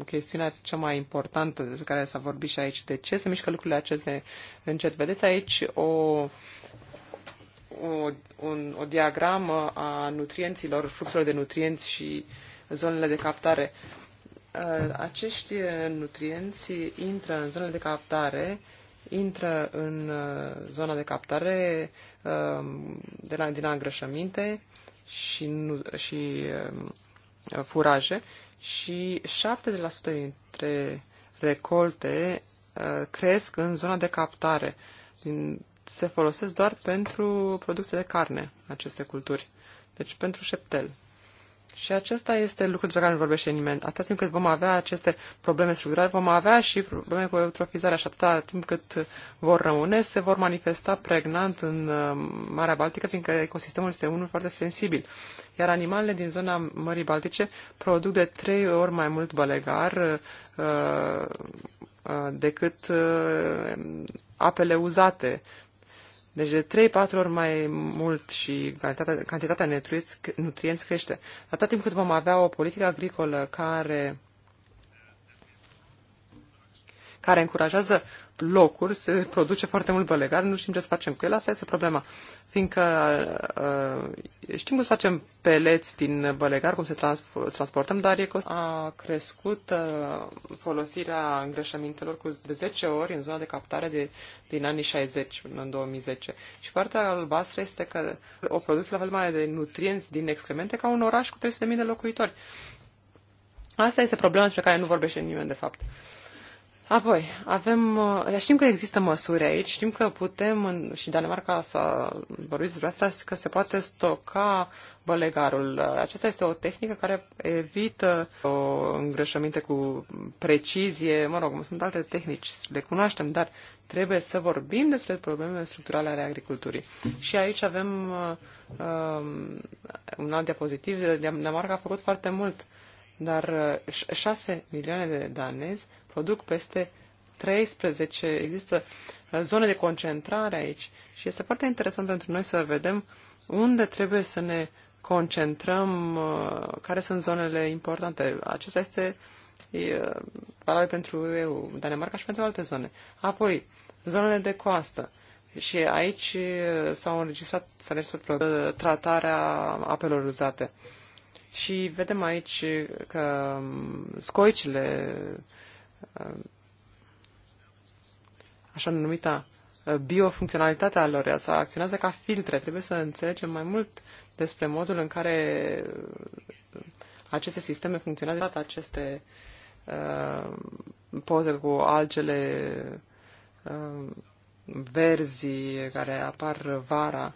chestiunea cea mai importantă despre care s-a vorbit și aici, de ce se mișcă lucrurile acestea încet. Vedeți aici o, o, un, o diagramă a nutrienților, fluxurilor de nutrienți și zonele de captare. Uh, acești nutrienți intră în zonele de captare, intră în uh, zona de captare Um, de la, din îngrășăminte și, nu, și um, furaje și 7% dintre recolte uh, cresc în zona de captare. Se folosesc doar pentru producție de carne aceste culturi, deci pentru șeptel. Și acesta este lucrul despre care nu vorbește nimeni. Atât timp cât vom avea aceste probleme structurale, vom avea și probleme cu eutrofizarea și atât timp cât vor rămâne, se vor manifesta pregnant în uh, Marea Baltică, fiindcă ecosistemul este unul foarte sensibil. Iar animalele din zona Mării Baltice produc de trei ori mai mult bălegar uh, uh, decât apele uzate deci de 3-4 ori mai mult și cantitatea, cantitatea nutrienți crește. Atât timp cât vom avea o politică agricolă care care încurajează locuri, se produce foarte mult bălegar, nu știm ce să facem cu el, asta este problema. Fiindcă uh, știm cum să facem peleți din bălegar, cum se trans- transportăm, dar e cost... A crescut uh, folosirea îngrășămintelor cu de 10 ori în zona de captare de, din anii 60 până în 2010. Și partea albastră este că o produs la fel mai de nutrienți din excremente ca un oraș cu 300.000 de locuitori. Asta este problema despre care nu vorbește nimeni, de fapt. Uh, Apoi, avem, uh, știm că există măsuri aici, știm că putem, și Danemarca s-a vorbit despre asta, că se poate stoca bălegarul. Aceasta este o tehnică care evită o îngrășăminte cu precizie, mă rog, sunt alte tehnici, le cunoaștem, dar trebuie să vorbim despre problemele structurale ale agriculturii. Și aici avem uh, um, un alt diapozitiv, Danemarca a făcut foarte mult, dar 6 uh, milioane de danezi produc peste 13, există uh, zone de concentrare aici și este foarte interesant pentru noi să vedem unde trebuie să ne concentrăm, uh, care sunt zonele importante. Acesta este valabil pentru EU, Danemarca și pentru alte zone. Apoi, zonele de coastă. Și aici uh, s-au înregistrat, s-a înregistrat tratarea apelor uzate. Și vedem aici că um, scoicile Uh, așa numita uh, biofuncționalitatea lor, să acționează ca filtre. Trebuie să înțelegem mai mult despre modul în care uh, aceste sisteme funcționează, toate aceste uh, poze cu algele uh, verzi care apar vara.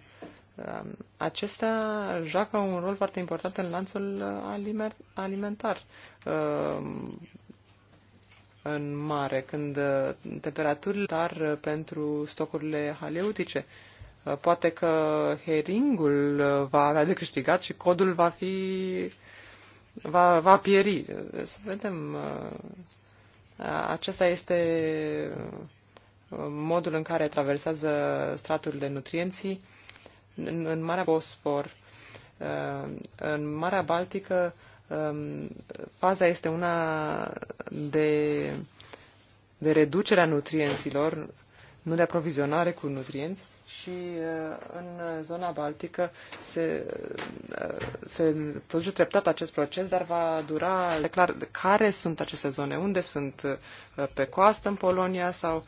Uh, acestea joacă un rol foarte important în lanțul alimentar. Uh, în mare, când uh, temperaturile dar uh, pentru stocurile haleutice. Uh, poate că heringul va avea de câștigat și codul va fi va, va pieri. Să vedem. Acesta este modul în care traversează straturile nutrienții în, în Marea Bosfor, în Marea Baltică, Um, faza este una de, de reducerea nutrienților, nu de aprovizionare cu nutrienți și uh, în zona baltică se, uh, se produce treptat acest proces, dar va dura De clar, care sunt aceste zone, unde sunt uh, pe coastă în Polonia sau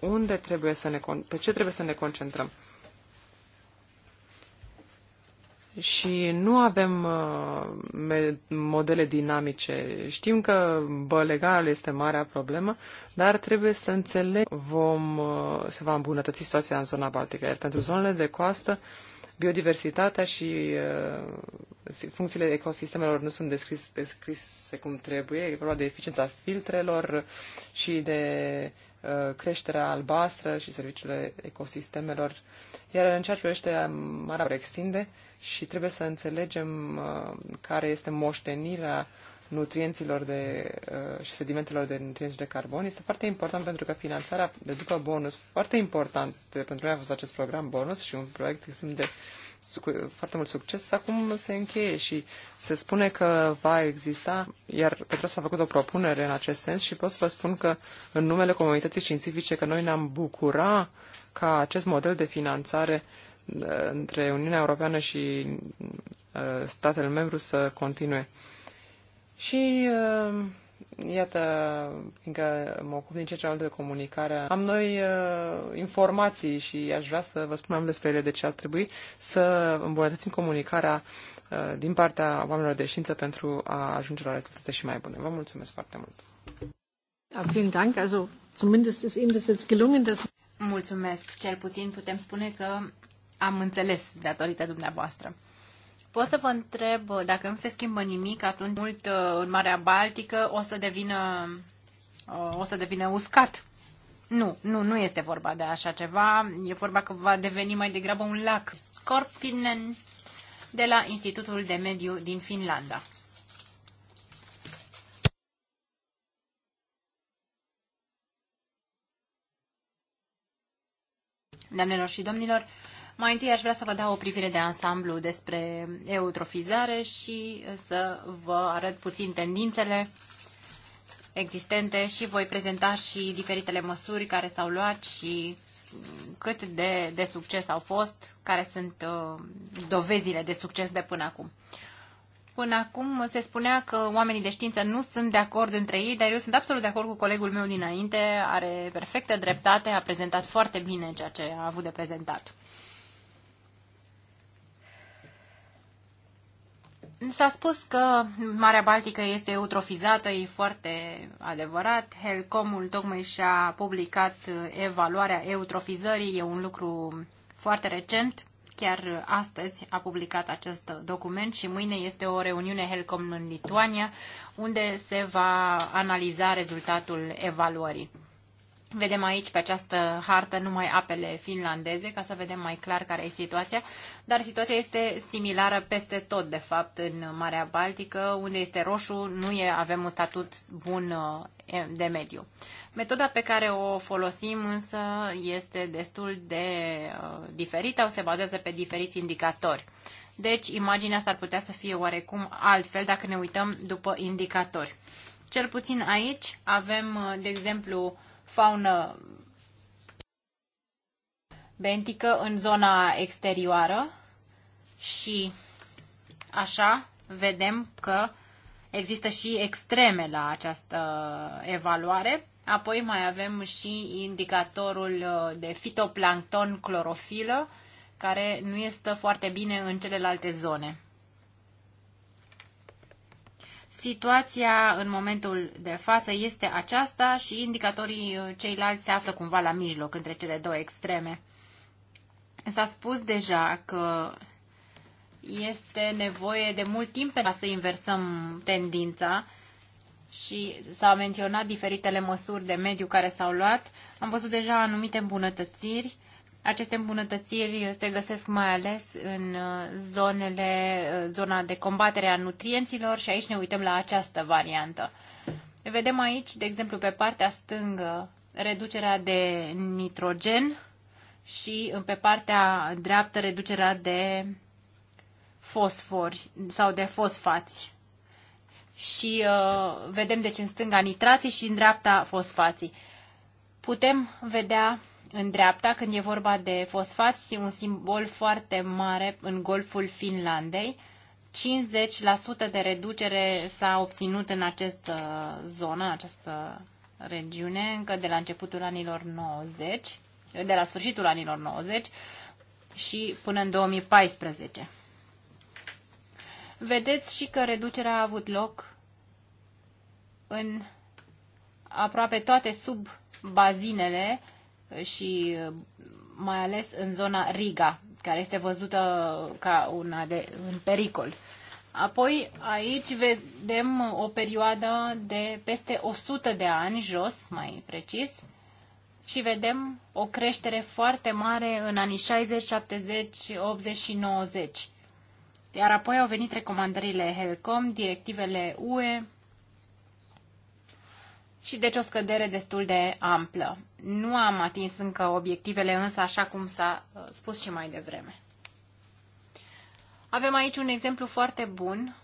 unde trebuie să ne, pe ce trebuie să ne concentrăm și nu avem uh, modele dinamice. Știm că bălegarul este marea problemă, dar trebuie să înțelegem vom, uh, se va îmbunătăți situația în zona Baltică. Iar pentru zonele de coastă, biodiversitatea și uh, funcțiile ecosistemelor nu sunt descris, descrise cum trebuie. E vorba de eficiența filtrelor și de uh, creșterea albastră și serviciile ecosistemelor. Iar în ceea ce privește um, marea extinde, și trebuie să înțelegem uh, care este moștenirea nutrienților de, uh, și sedimentelor de nutrienți de carbon. Este foarte important pentru că finanțarea de după bonus, foarte important pentru noi a fost acest program bonus și un proiect extrem de foarte mult succes, acum se încheie și se spune că va exista, iar Petros a făcut o propunere în acest sens și pot să vă spun că în numele comunității științifice că noi ne-am bucura ca acest model de finanțare uh, între Uniunea Europeană și uh, statele membru să continue. Și uh, Iată, fiindcă mă ocup din ce ce de comunicare, am noi uh, informații și aș vrea să vă spun despre ele, de ce ar trebui să îmbunătățim comunicarea uh, din partea oamenilor de știință pentru a ajunge la rezultate și mai bune. Vă mulțumesc foarte mult! vielen Dank. Also, zumindest ist Ihnen das jetzt gelungen, dass... Mulțumesc. Cel puțin putem spune că am înțeles datorită dumneavoastră. Pot să vă întreb, dacă nu se schimbă nimic, atunci mult uh, în Marea Baltică o să devină, uh, o să devină uscat. Nu, nu, nu este vorba de așa ceva. E vorba că va deveni mai degrabă un lac. Corpinen, de la Institutul de Mediu din Finlanda. Doamnelor și domnilor, mai întâi aș vrea să vă dau o privire de ansamblu despre eutrofizare și să vă arăt puțin tendințele existente și voi prezenta și diferitele măsuri care s-au luat și cât de, de succes au fost, care sunt uh, dovezile de succes de până acum. Până acum se spunea că oamenii de știință nu sunt de acord între ei, dar eu sunt absolut de acord cu colegul meu dinainte, are perfectă dreptate, a prezentat foarte bine ceea ce a avut de prezentat. S-a spus că Marea Baltică este eutrofizată, e foarte adevărat. Helcomul tocmai și-a publicat evaluarea eutrofizării, e un lucru foarte recent. Chiar astăzi a publicat acest document și mâine este o reuniune Helcom în Lituania, unde se va analiza rezultatul evaluării. Vedem aici pe această hartă numai apele finlandeze, ca să vedem mai clar care e situația, dar situația este similară peste tot, de fapt, în Marea Baltică, unde este roșu, nu e, avem un statut bun eh, de mediu. Metoda pe care o folosim însă este destul de eh, diferită, o se bazează pe diferiți indicatori. Deci, imaginea s-ar putea să fie oarecum altfel dacă ne uităm după indicatori. Cel puțin aici avem, eh, de exemplu, faună bentică în zona exterioară și așa vedem că există și extreme la această evaluare. Apoi mai avem și indicatorul uh, de fitoplancton clorofilă, care nu este foarte bine în celelalte zone. Situația în momentul de față este aceasta și indicatorii uh, ceilalți se află cumva la mijloc între cele două extreme. S-a spus deja că este nevoie de mult timp pentru a să inversăm tendința și s-au menționat diferitele măsuri de mediu care s-au luat. Am văzut deja anumite îmbunătățiri aceste îmbunătățiri se găsesc mai ales în uh, zonele, uh, zona de combatere a nutrienților și aici ne uităm la această variantă. Vedem aici, de exemplu, pe partea stângă, reducerea de nitrogen și pe partea dreaptă reducerea de fosfori sau de fosfați. Și uh, vedem deci în stânga nitrații și în dreapta fosfații. Putem vedea în dreapta, când e vorba de fosfați, un simbol foarte mare în golful Finlandei. 50% de reducere s-a obținut în această zonă, în această regiune, încă de la începutul anilor 90, de la sfârșitul anilor 90 și până în 2014. Vedeți și că reducerea a avut loc în aproape toate subbazinele și uh, mai ales în zona Riga, care este văzută ca una de în pericol. Apoi aici vedem o perioadă de peste 100 de ani jos, mai precis, și vedem o creștere foarte mare în anii 60, 70, 80 și 90. Iar apoi au venit recomandările HELCOM, directivele UE și deci o scădere destul de amplă. Nu am atins încă obiectivele, însă așa cum s-a uh, spus și mai devreme. Avem aici un exemplu foarte bun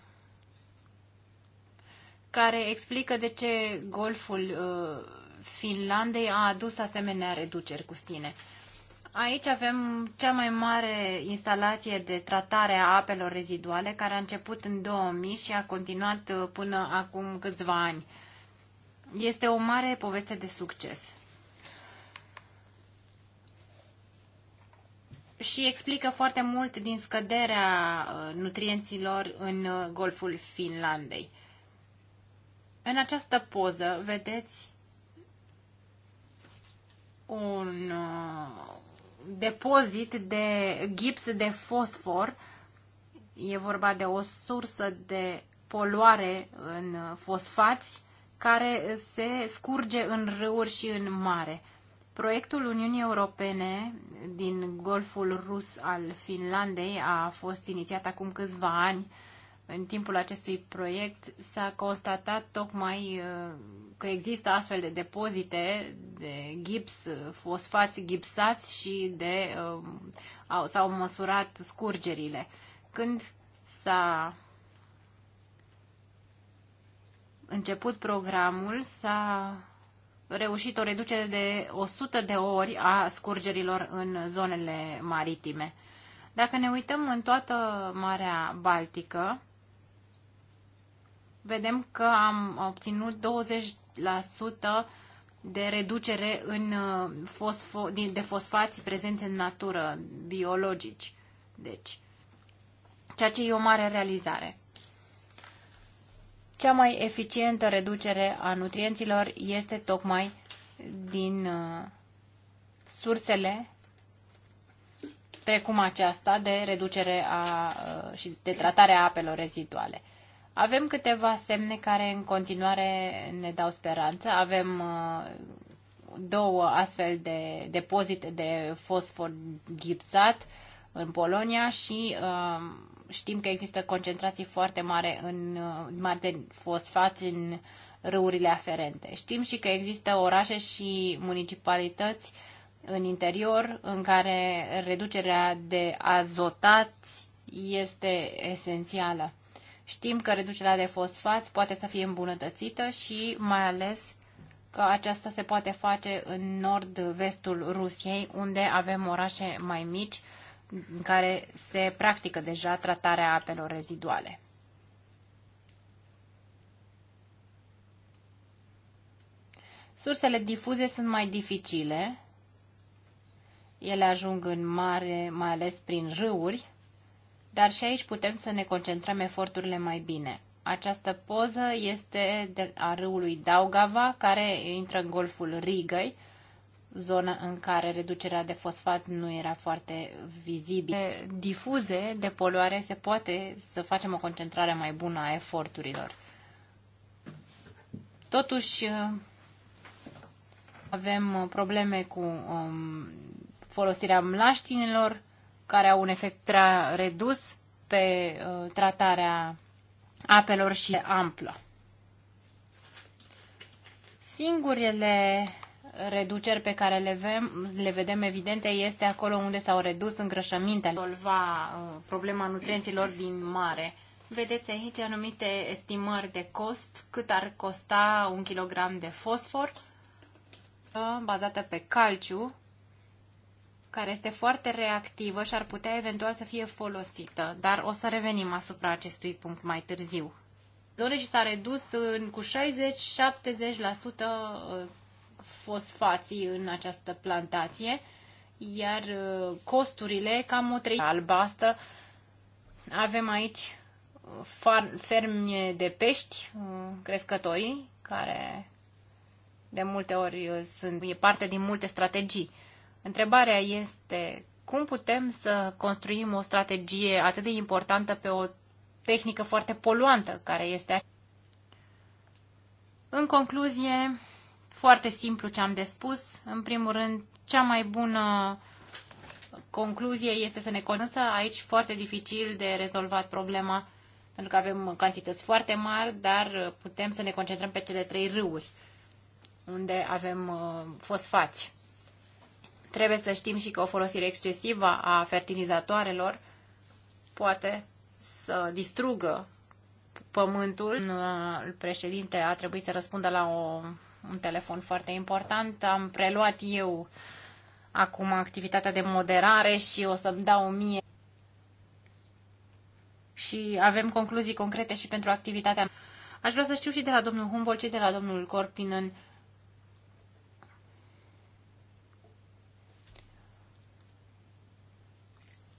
care explică de ce golful uh, Finlandei a adus asemenea reduceri cu stine. Aici avem cea mai mare instalație de tratare a apelor reziduale care a început în 2000 și a continuat uh, până acum câțiva ani. Este o mare poveste de succes. Și explică foarte mult din scăderea uh, nutrienților în uh, golful Finlandei. În această poză vedeți un uh, depozit de gips de fosfor. E vorba de o sursă de poluare în fosfați care se scurge în râuri și în mare. Proiectul Uniunii Europene din Golful Rus al Finlandei a fost inițiat acum câțiva ani. În timpul acestui proiect s-a constatat tocmai uh, că există astfel de depozite de gips, uh, fosfați gipsați și de, uh, s-au măsurat scurgerile. Când s-a început programul s-a reușit o reducere de 100 de ori a scurgerilor în zonele maritime. Dacă ne uităm în toată Marea Baltică, vedem că am obținut 20% de reducere în uh, fosfo, de fosfați prezenți în natură, biologici. Deci, ceea ce e o mare realizare. Cea mai eficientă reducere a nutrienților este tocmai din uh, sursele precum aceasta de reducere a, uh, și de tratare a apelor reziduale. Avem câteva semne care în continuare ne dau speranță. Avem uh, două astfel de depozite de fosfor gipsat în Polonia și știm că există concentrații foarte mari în mari de fosfați în râurile aferente. Știm și că există orașe și municipalități în interior în care reducerea de azotați este esențială. Știm că reducerea de fosfați poate să fie îmbunătățită și mai ales că aceasta se poate face în nord-vestul Rusiei, unde avem orașe mai mici în care se practică deja tratarea apelor reziduale. Sursele difuze sunt mai dificile. Ele ajung în mare, mai ales prin râuri, dar și aici putem să ne concentrăm eforturile mai bine. Această poză este a râului Daugava, care intră în golful Rigăi, zonă în care reducerea de fosfat nu era foarte vizibilă. Difuze de poluare se poate să facem o concentrare mai bună a eforturilor. Totuși, uh, avem probleme cu um, folosirea mlaștinilor, care au un efect redus pe uh, tratarea apelor și amplă. Singurele reduceri pe care le, vem, le vedem evidente este acolo unde s-au redus îngrășămintele. Solva uh, problema nutrienților din mare. Vedeți aici anumite estimări de cost, cât ar costa un kilogram de fosfor uh, bazată pe calciu, care este foarte reactivă și ar putea eventual să fie folosită, dar o să revenim asupra acestui punct mai târziu. Zone și s-a redus în, cu 60-70% fosfații în această plantație, iar uh, costurile cam o treime albastră. Avem aici uh, ferme de pești, uh, crescătorii, care de multe ori sunt, e parte din multe strategii. Întrebarea este cum putem să construim o strategie atât de importantă pe o tehnică foarte poluantă care este. În concluzie, foarte simplu ce am de spus. În primul rând, cea mai bună concluzie este să ne conăță aici foarte dificil de rezolvat problema, pentru că avem cantități foarte mari, dar putem să ne concentrăm pe cele trei râuri unde avem uh, fosfați. Trebuie să știm și că o folosire excesivă a fertilizatoarelor poate să distrugă pământul. Uh, președinte a trebuit să răspundă la o un telefon foarte important. Am preluat eu acum activitatea de moderare și o să-mi dau mie. Și avem concluzii concrete și pentru activitatea mea. Aș vrea să știu și de la domnul Humboldt și de la domnul Corpinen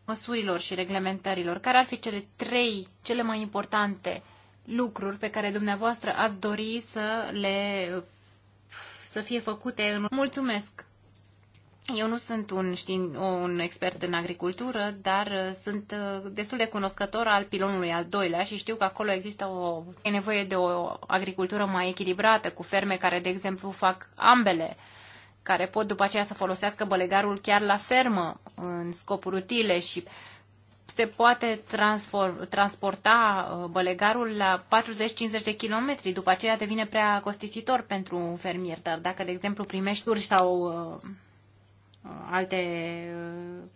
măsurilor și reglementărilor, care ar fi cele trei, cele mai importante lucruri pe care dumneavoastră ați dori să le să fie făcute în... Mulțumesc! Eu nu sunt un, știin, un expert în agricultură, dar uh, sunt uh, destul de cunoscător al pilonului al doilea și știu că acolo există o e nevoie de o agricultură mai echilibrată, cu ferme care, de exemplu, fac ambele, care pot după aceea să folosească bălegarul chiar la fermă, în scopuri utile și se poate transporta uh, bălegarul la 40-50 de kilometri. După aceea devine prea costisitor pentru un fermier. Dar dacă, de exemplu, primești turi sau uh, uh, alte uh,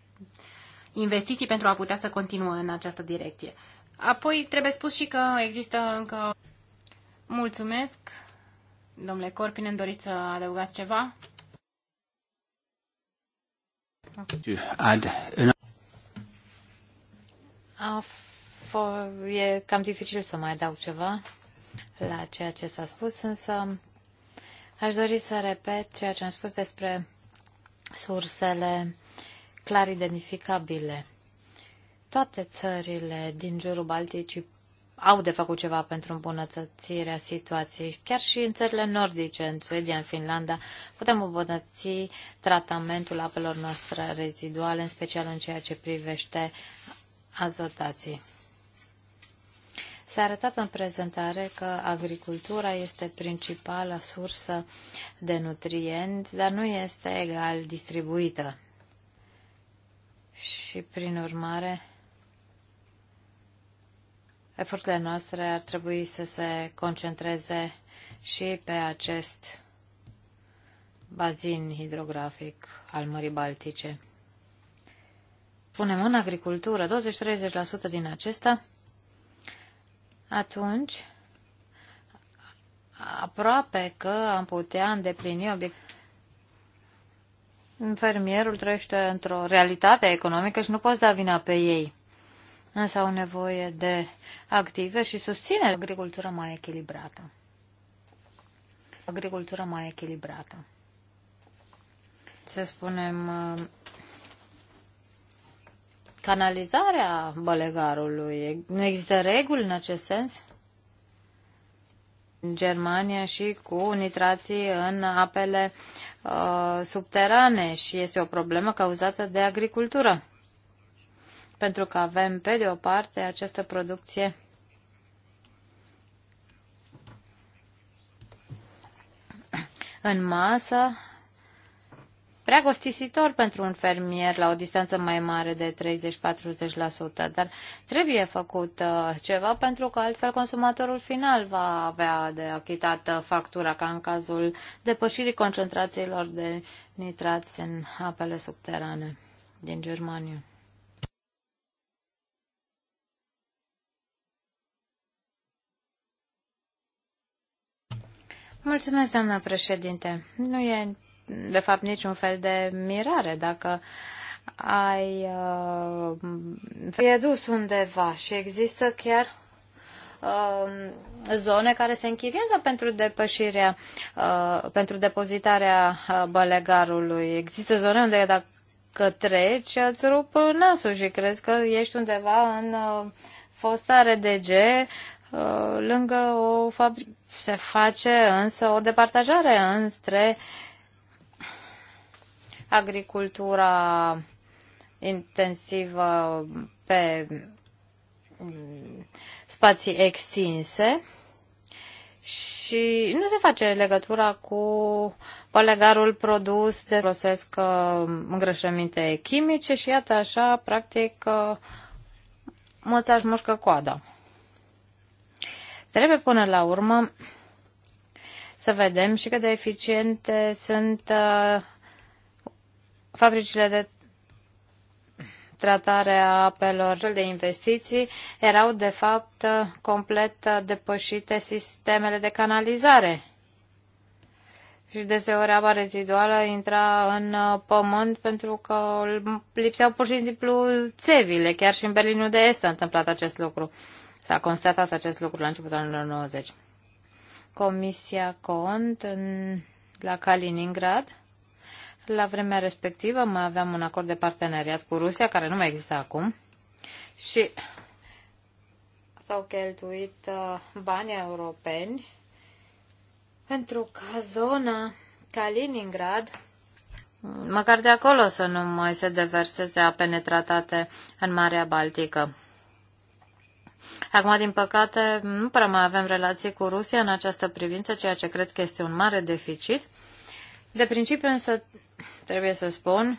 investiții pentru a putea să continuă în această direcție. Apoi trebuie spus și că există încă... Mulțumesc. Domnule Corpinen, doriți să adăugați ceva? A e cam dificil să mai dau ceva la ceea ce s-a spus, însă aș dori să repet ceea ce am spus despre sursele clar identificabile. Toate țările din jurul Balticii au de făcut ceva pentru îmbunătățirea situației. Chiar și în țările nordice, în Suedia, în Finlanda, putem îmbunătăți tratamentul apelor noastre reziduale, în special în ceea ce privește azotații. S-a arătat în prezentare că agricultura este principala sursă de nutrienți, dar nu este egal distribuită. Și, prin urmare, eforturile noastre ar trebui să se concentreze și pe acest bazin hidrografic al Mării Baltice punem în agricultură 20-30% din acesta, atunci aproape că am putea îndeplini obiect. Fermierul trăiește într-o realitate economică și nu poți da vina pe ei. Însă au nevoie de active și susține agricultură mai echilibrată. Agricultură mai echilibrată. Să spunem, uh, canalizarea bălegarului. Nu există reguli în acest sens? În Germania și cu nitrații în apele uh, subterane și este o problemă cauzată de agricultură. Pentru că avem, pe de o parte, această producție în masă prea costisitor pentru un fermier la o distanță mai mare de 30-40%, dar trebuie făcut uh, ceva pentru că altfel consumatorul final va avea de achitat uh, factura, ca în cazul depășirii concentrațiilor de nitrați în apele subterane din Germania. Mulțumesc, doamna președinte. Nu e de fapt, niciun fel de mirare dacă ai uh, e dus undeva și există chiar uh, zone care se închiriază pentru depășirea, uh, pentru depozitarea uh, balegarului. Există zone unde dacă treci, îți rup nasul și crezi că ești undeva în uh, fosta RDG, uh, lângă o fabrică. Se face însă o departajare între uh, agricultura intensivă pe mm, spații extinse și nu se face legătura cu pălegarul produs de folosesc uh, îngrășăminte chimice și iată așa, practic, uh, măța mușcă coada. Trebuie până la urmă să vedem și cât de eficiente sunt uh, fabricile de tratare a apelor de investiții erau de fapt complet depășite sistemele de canalizare. Și deseori apa reziduală intra în pământ pentru că lipseau pur și simplu țevile. Chiar și în Berlinul de Est s-a întâmplat acest lucru. S-a constatat acest lucru la începutul anilor 90. Comisia Cont în, la Kaliningrad la vremea respectivă mai aveam un acord de parteneriat cu Rusia, care nu mai există acum, și s-au cheltuit uh, bani europeni pentru ca zona Kaliningrad, măcar de acolo să nu mai se deverseze ape netratate în Marea Baltică. Acum, din păcate, nu prea mai avem relații cu Rusia în această privință, ceea ce cred că este un mare deficit. De principiu, însă, trebuie să spun,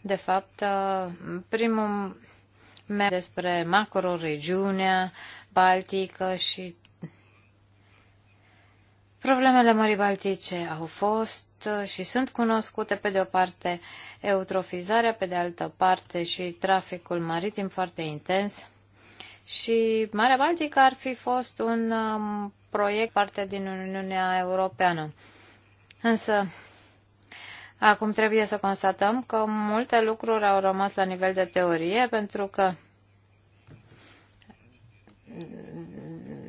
de fapt, uh, primul meu despre macro-regiunea baltică și Problemele Mării Baltice au fost uh, și sunt cunoscute, pe de o parte eutrofizarea, pe de altă parte și traficul maritim foarte intens. Și Marea Baltică ar fi fost un um, proiect parte din Uniunea Europeană. Însă Acum trebuie să constatăm că multe lucruri au rămas la nivel de teorie pentru că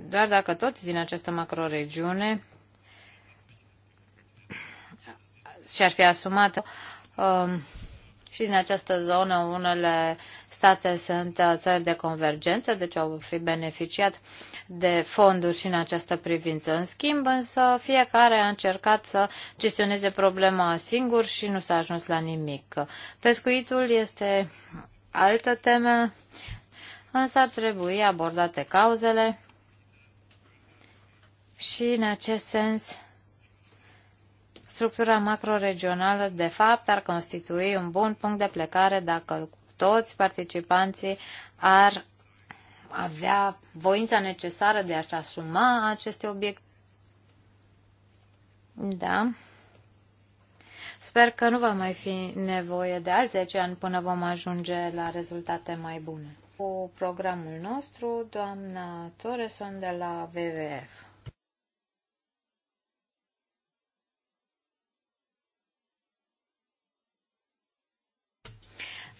doar dacă toți din această macroregiune și-ar fi asumat uh, și din această zonă unele state sunt uh, țări de convergență, deci au fi beneficiat de fonduri și în această privință. În schimb, însă, fiecare a încercat să gestioneze problema singur și nu s-a ajuns la nimic. Pescuitul este altă temă, însă ar trebui abordate cauzele și, în acest sens, Structura macroregională, de fapt, ar constitui un bun punct de plecare dacă toți participanții ar avea voința necesară de a-și asuma aceste obiective. Da. Sper că nu va mai fi nevoie de alți 10 ani până vom ajunge la rezultate mai bune. Cu programul nostru, doamna Toreson de la WWF.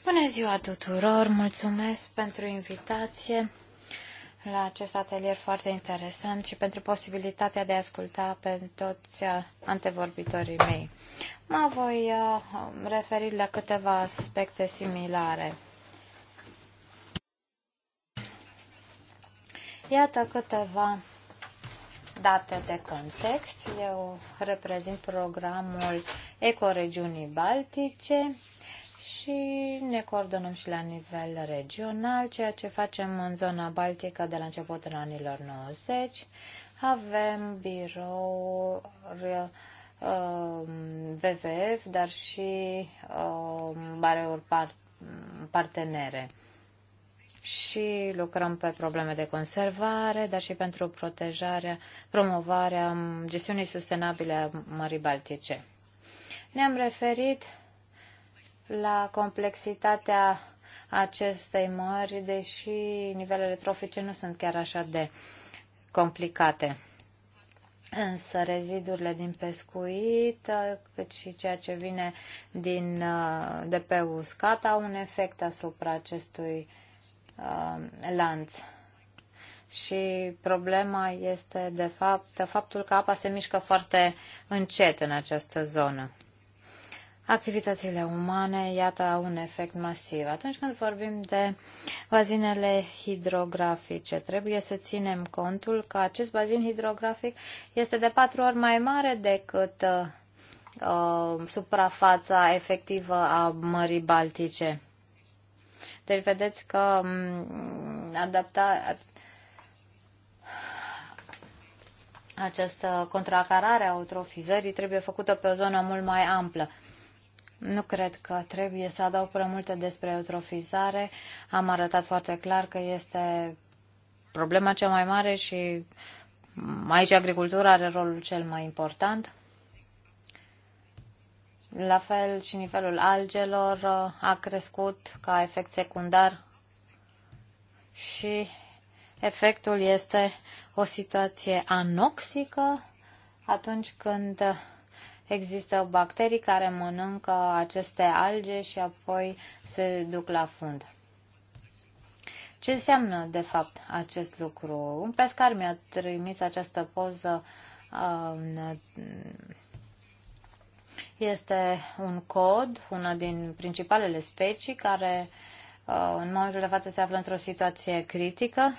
Bună ziua tuturor! Mulțumesc pentru invitație la acest atelier foarte interesant și pentru posibilitatea de a asculta pe toți uh, antevorbitorii mei. Mă voi uh, referi la câteva aspecte similare. Iată câteva date de context. Eu reprezint programul Ecoregiunii Baltice, și ne coordonăm și la nivel regional, ceea ce facem în zona Baltică de la începutul anilor 90. Avem birouri um, WWF, dar și um, bareuri partenere. Și lucrăm pe probleme de conservare, dar și pentru protejarea, promovarea gestiunii sustenabile a Mării Baltice. Ne-am referit la complexitatea acestei mări, deși nivelele trofice nu sunt chiar așa de complicate. Însă rezidurile din pescuit, cât și ceea ce vine din, de pe uscat, au un efect asupra acestui uh, lanț. Și problema este, de fapt, faptul că apa se mișcă foarte încet în această zonă activitățile umane, iată, au un efect masiv. Atunci când vorbim de bazinele hidrografice, trebuie să ținem contul că acest bazin hidrografic este de patru ori mai mare decât uh, uh suprafața efectivă a Mării Baltice. Deci vedeți că um, adapta, această contracarare a eutrofizării trebuie făcută pe o zonă mult mai amplă. Nu cred că trebuie să adaug prea multe despre eutrofizare. Am arătat foarte clar că este problema cea mai mare și aici agricultura are rolul cel mai important. La fel și nivelul algelor uh, a crescut ca efect secundar și efectul este o situație anoxică atunci când Există bacterii care mănâncă aceste alge și apoi se duc la fund. Ce înseamnă, de fapt, acest lucru? Un pescar mi-a trimis această poză. Um, este un cod, una din principalele specii, care uh, în momentul de față se află într-o situație critică.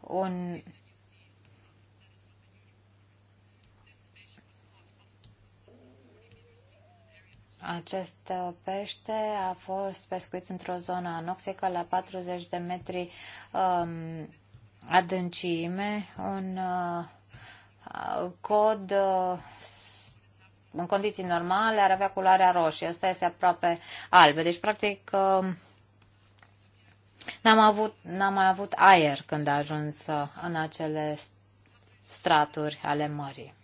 Un Acest uh, pește a fost pescuit într-o zonă anoxică la 40 de metri um, adâncime, un uh, cod uh, în condiții normale ar avea culoarea roșie, asta este aproape albă. Deci, practic, uh, n-am, avut, n-am mai avut aer când a ajuns uh, în acele straturi ale mării.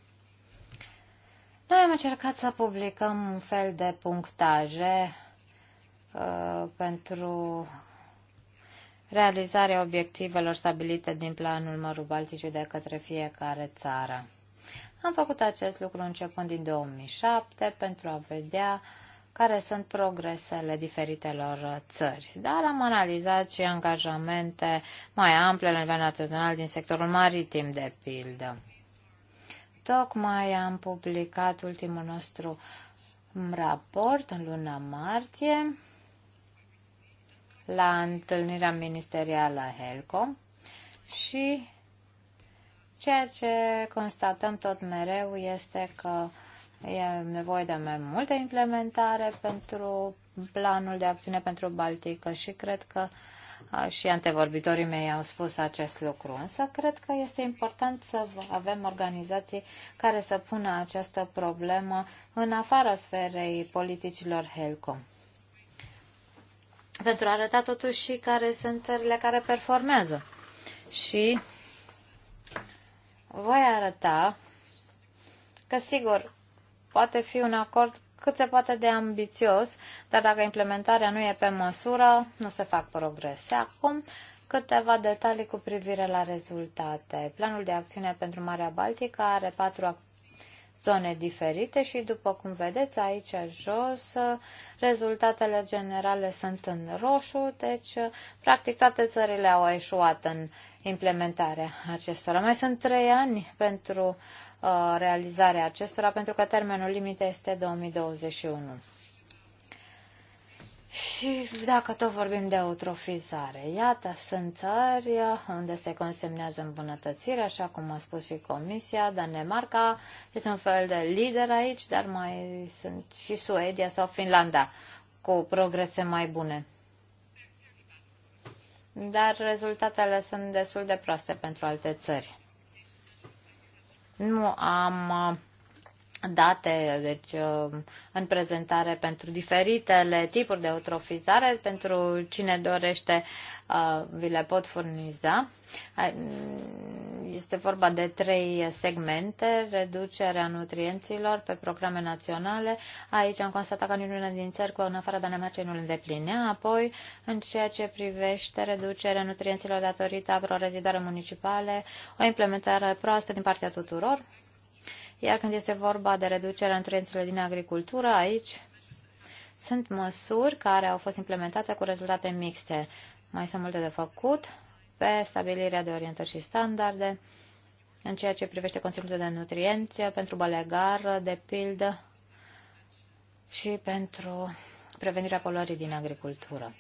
Noi am încercat să publicăm un fel de punctaje uh, pentru realizarea obiectivelor stabilite din planul Mărul Balticii de către fiecare țară. Am făcut acest lucru începând din 2007 pentru a vedea care sunt progresele diferitelor țări. Dar am analizat și angajamente mai ample la nivel național din sectorul maritim, de pildă. Tocmai am publicat ultimul nostru raport în luna martie la întâlnirea ministerială a HELCO și ceea ce constatăm tot mereu este că e nevoie de mai multă implementare pentru planul de acțiune pentru Baltică și cred că uh, și antevorbitorii mei au spus acest lucru, însă cred că este important să avem organizații care să pună această problemă în afara sferei politicilor HELCOM. Pentru a arăta totuși și care sunt țările care performează. Și voi arăta că, sigur, poate fi un acord cât se poate de ambițios, dar dacă implementarea nu e pe măsură, nu se fac progrese. Acum, câteva detalii cu privire la rezultate. Planul de acțiune pentru Marea Baltică are patru zone diferite și, după cum vedeți, aici jos, rezultatele generale sunt în roșu, deci, practic, toate țările au eșuat în implementarea acestora. Mai sunt trei ani pentru uh, Uh, realizarea acestora, pentru că termenul limită este 2021. Și dacă tot vorbim de eutrofizare, iată, sunt țări uh, unde se consemnează îmbunătățiri, așa cum a spus și Comisia, Danemarca este un fel de lider aici, dar mai sunt și Suedia sau Finlanda cu progrese mai bune. Dar rezultatele sunt destul de proaste pentru alte țări. Nu am uh, date deci, uh, în prezentare pentru diferitele tipuri de eutrofizare, pentru cine dorește uh, vi le pot furniza. Mm, este vorba de trei segmente, reducerea nutrienților pe programe naționale. Aici am constatat că niciuna din țări, cu în de Danemarcei, nu le îndeplinea. Apoi, în ceea ce privește reducerea nutrienților datorită a municipale, o implementare proastă din partea tuturor. Iar când este vorba de reducerea nutrienților din agricultură, aici sunt măsuri care au fost implementate cu rezultate mixte. Mai sunt multe de făcut pe stabilirea de orientări și standarde în ceea ce privește conținutul de nutrienți pentru balegar, de pildă și pentru prevenirea poluării din agricultură.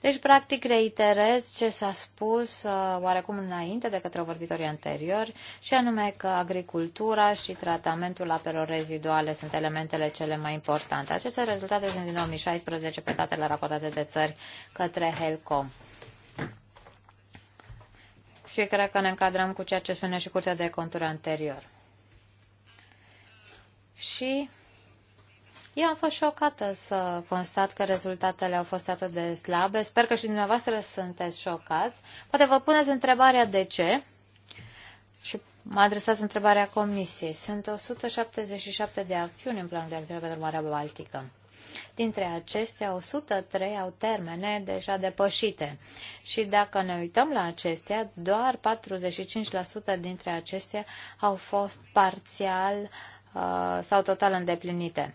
Deci, practic, reiterez ce s-a spus uh, oarecum înainte de către vorbitorii anteriori, și anume că agricultura și tratamentul apelor reziduale sunt elementele cele mai importante. Aceste rezultate sunt din 2016 pe datele raportate de țări către HELCOM. Și cred că ne încadrăm cu ceea ce spune și Curtea de Conturi anterior. Și eu am fost șocată să constat că rezultatele au fost atât de slabe. Sper că și dumneavoastră sunteți șocați. Poate vă puneți întrebarea de ce și mă adresați întrebarea Comisiei. Sunt 177 de acțiuni în planul de acțiune pentru Marea Baltică. Dintre acestea, 103 au termene deja depășite. Și dacă ne uităm la acestea, doar 45% dintre acestea au fost parțial uh, sau total îndeplinite.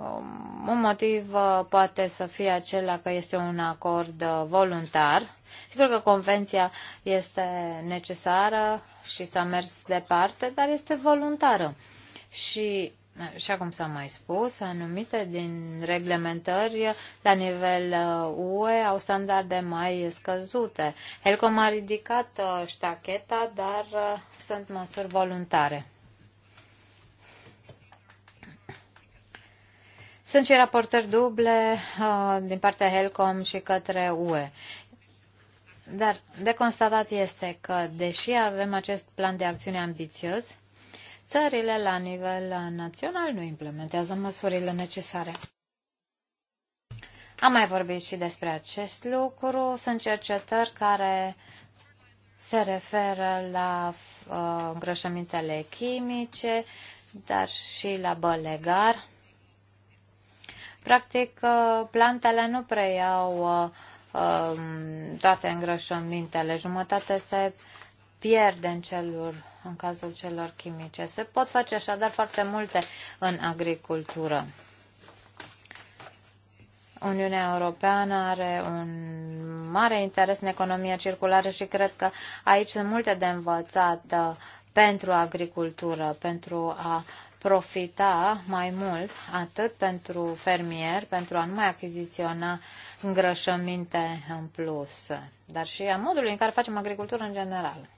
Um, un motiv uh, poate să fie acela că este un acord uh, voluntar. Sigur că convenția este necesară și s-a mers departe, dar este voluntară. Și uh, așa cum s-a mai spus, anumite din reglementări la nivel UE au standarde mai scăzute. Helcom a ridicat ștacheta, dar sunt măsuri voluntare. Sunt și raportări duble uh, din partea Helcom și către UE. Dar de constatat este că, deși avem acest plan de acțiune ambițios, țările la nivel național nu implementează măsurile necesare. Am mai vorbit și despre acest lucru. Sunt cercetări care se referă la uh, îngrășămintele chimice, dar și la bălegar. Practic, uh, plantele nu preiau uh, um, toate îngrășămintele. Jumătate se pierde în, celor, în cazul celor chimice. Se pot face așadar foarte multe în agricultură. Uniunea Europeană are un mare interes în economia circulară și cred că aici sunt multe de învățat uh, pentru agricultură, pentru a profita mai mult atât pentru fermier, pentru a nu mai achiziționa îngrășăminte în plus, dar și a modului în care facem agricultură în general.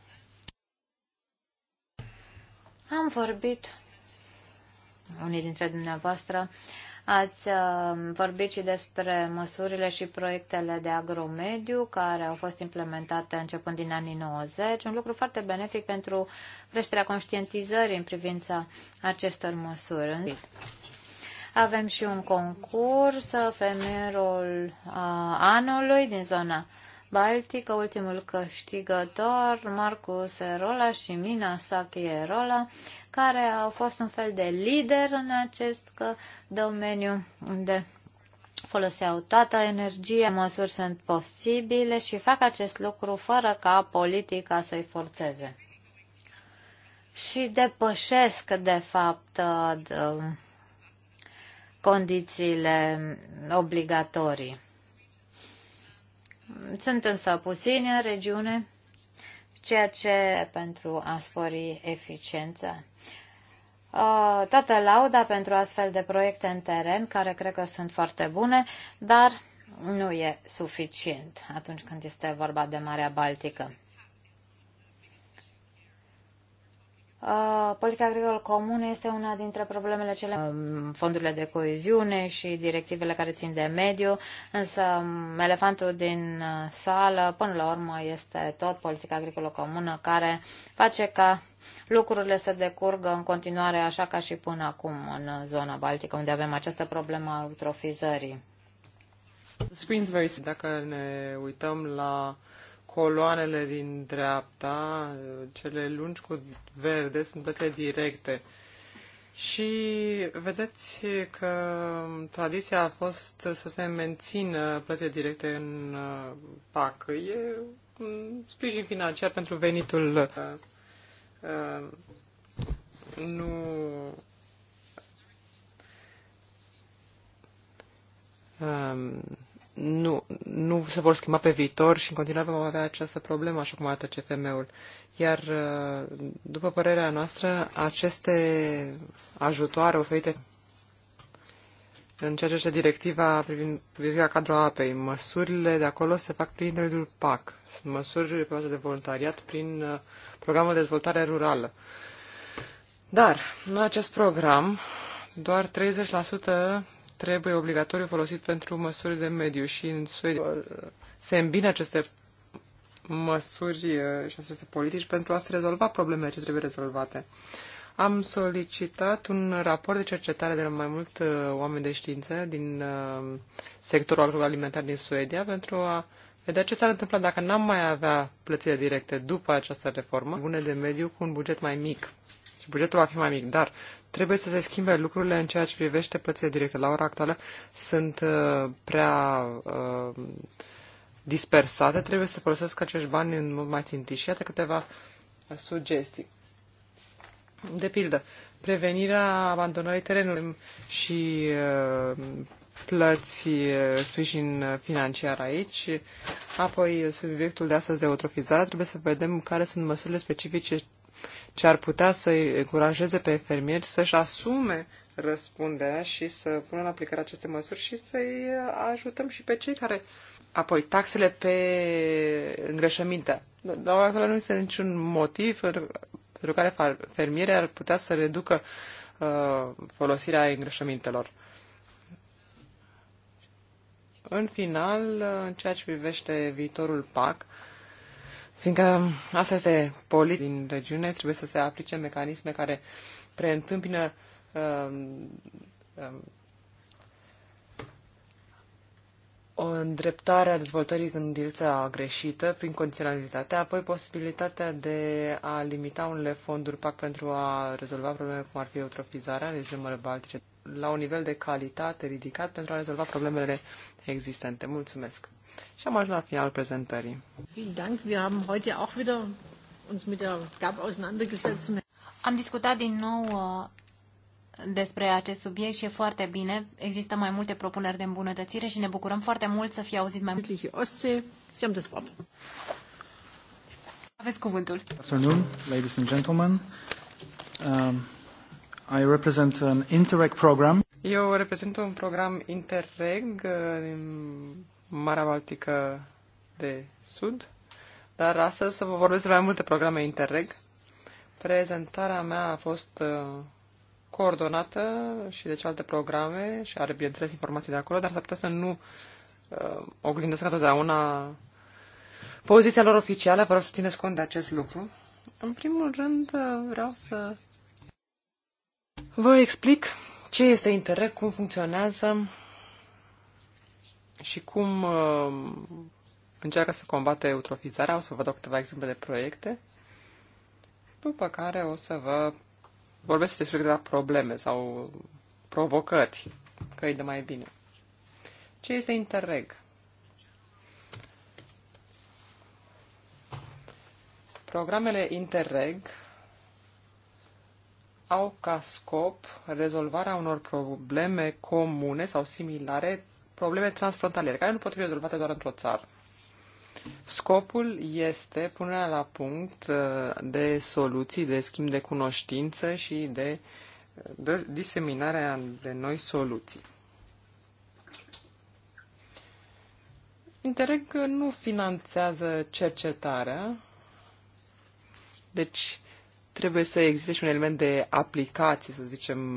Am vorbit, unii dintre dumneavoastră, Ați um, vorbit și despre măsurile și proiectele de agromediu care au fost implementate începând din anii 90, un lucru foarte benefic pentru creșterea conștientizării în privința acestor măsuri. Avem și un concurs, femerul uh, anului din zona Baltică, ultimul câștigător, Marcus Erola și Mina Saki Erola, care au fost un fel de lider în acest domeniu unde foloseau toată energia, măsuri sunt posibile și fac acest lucru fără ca politica să-i forțeze. Și depășesc, de fapt, uh, condițiile obligatorii. Sunt însă puțini în regiune, ceea ce pentru a spori eficiența. Toată lauda pentru astfel de proiecte în teren, care cred că sunt foarte bune, dar nu e suficient atunci când este vorba de Marea Baltică. Uh, politica agricolă comună este una dintre problemele cele um, fondurile de coeziune și directivele care țin de mediu, însă um, elefantul din uh, sală, până la urmă, este tot politica agricolă comună care face ca lucrurile să decurgă în continuare așa ca și până acum în zona Baltică, unde avem această problemă a eutrofizării. Dacă ne uităm la coloanele din dreapta, cele lungi cu verde, sunt toate directe. Și vedeți că tradiția a fost să se mențină plățile directe în uh, PAC. E un sprijin financiar pentru venitul uh, uh, nu um, nu, nu se vor schimba pe viitor și în continuare vom avea această problemă, așa cum arată CFM-ul. Iar, uh, după părerea noastră, aceste ajutoare oferite în ceea ce este directiva privind privirea cadrul apei, măsurile de acolo se fac prin intermediul PAC, măsuri pe bază de voluntariat prin uh, programul de dezvoltare rurală. Dar, în acest program, doar 30% trebuie obligatoriu folosit pentru măsuri de mediu și în Suedia se îmbină aceste măsuri uh, și aceste politici pentru a se rezolva problemele ce trebuie rezolvate. Am solicitat un raport de cercetare de la mai mult uh, oameni de știință din uh, sectorul agroalimentar din Suedia pentru a vedea ce s-ar întâmpla dacă n-am mai avea plățile directe după această reformă, bune de mediu cu un buget mai mic. Și bugetul va fi mai mic, dar Trebuie să se schimbe lucrurile în ceea ce privește plățile directe. La ora actuală sunt uh, prea uh, dispersate, trebuie să folosesc acești bani în mod mai țintit. Și iată câteva sugestii. De pildă, prevenirea abandonării terenului și uh, plăți uh, sprijin financiar aici. Apoi, subiectul de astăzi de eutrofizare, trebuie să vedem care sunt măsurile specifice ce ar putea să-i încurajeze pe fermieri să-și asume răspunderea și să pună în aplicare aceste măsuri și să-i ajutăm și pe cei care... Apoi, taxele pe îngrășăminte. La ora actuală nu este niciun motiv pentru care fermierii ar putea să reducă uh, folosirea îngrășămintelor. În final, uh, în ceea ce privește viitorul PAC, uh, Fiindcă asta este politic din regiune, trebuie să se aplice mecanisme care preîntâmpină um, um, o îndreptare a dezvoltării în direcția greșită, prin condiționalitate, apoi posibilitatea de a limita unele fonduri PAC pentru a rezolva probleme cum ar fi eutrofizarea în regimurile baltice, la un nivel de calitate ridicat pentru a rezolva problemele existente. Mulțumesc! Și am ajuns la final prezentării. Am discutat din nou uh, despre acest subiect și e foarte bine. Există mai multe propuneri de îmbunătățire și ne bucurăm foarte mult să fie auzit mai mult. Aveți cuvântul. Afternoon, ladies and gentlemen. Um, I represent an Interreg program. Eu reprezint un program Interreg uh, Marea Baltică de Sud, dar astăzi o să vă vorbesc mai multe programe Interreg. Prezentarea mea a fost uh, coordonată și de alte programe și are, bineînțeles, informații de acolo, dar s-ar putea să nu uh, oglindesc întotdeauna poziția lor oficială, vreau să țineți cont de acest lucru. În primul rând, uh, vreau să vă explic ce este Interreg, cum funcționează și cum uh, încearcă să combată eutrofizarea. O să vă dau câteva exemple de proiecte, după care o să vă vorbesc despre câteva probleme sau provocări, e de mai bine. Ce este Interreg? Programele Interreg au ca scop rezolvarea unor probleme comune sau similare probleme transfrontaliere, care nu pot fi rezolvate doar într-o țară. Scopul este punerea la punct uh, de soluții, de schimb de cunoștință și de, uh, de diseminarea de noi soluții. Interreg nu finanțează cercetarea, deci trebuie să existe și un element de aplicație, să zicem,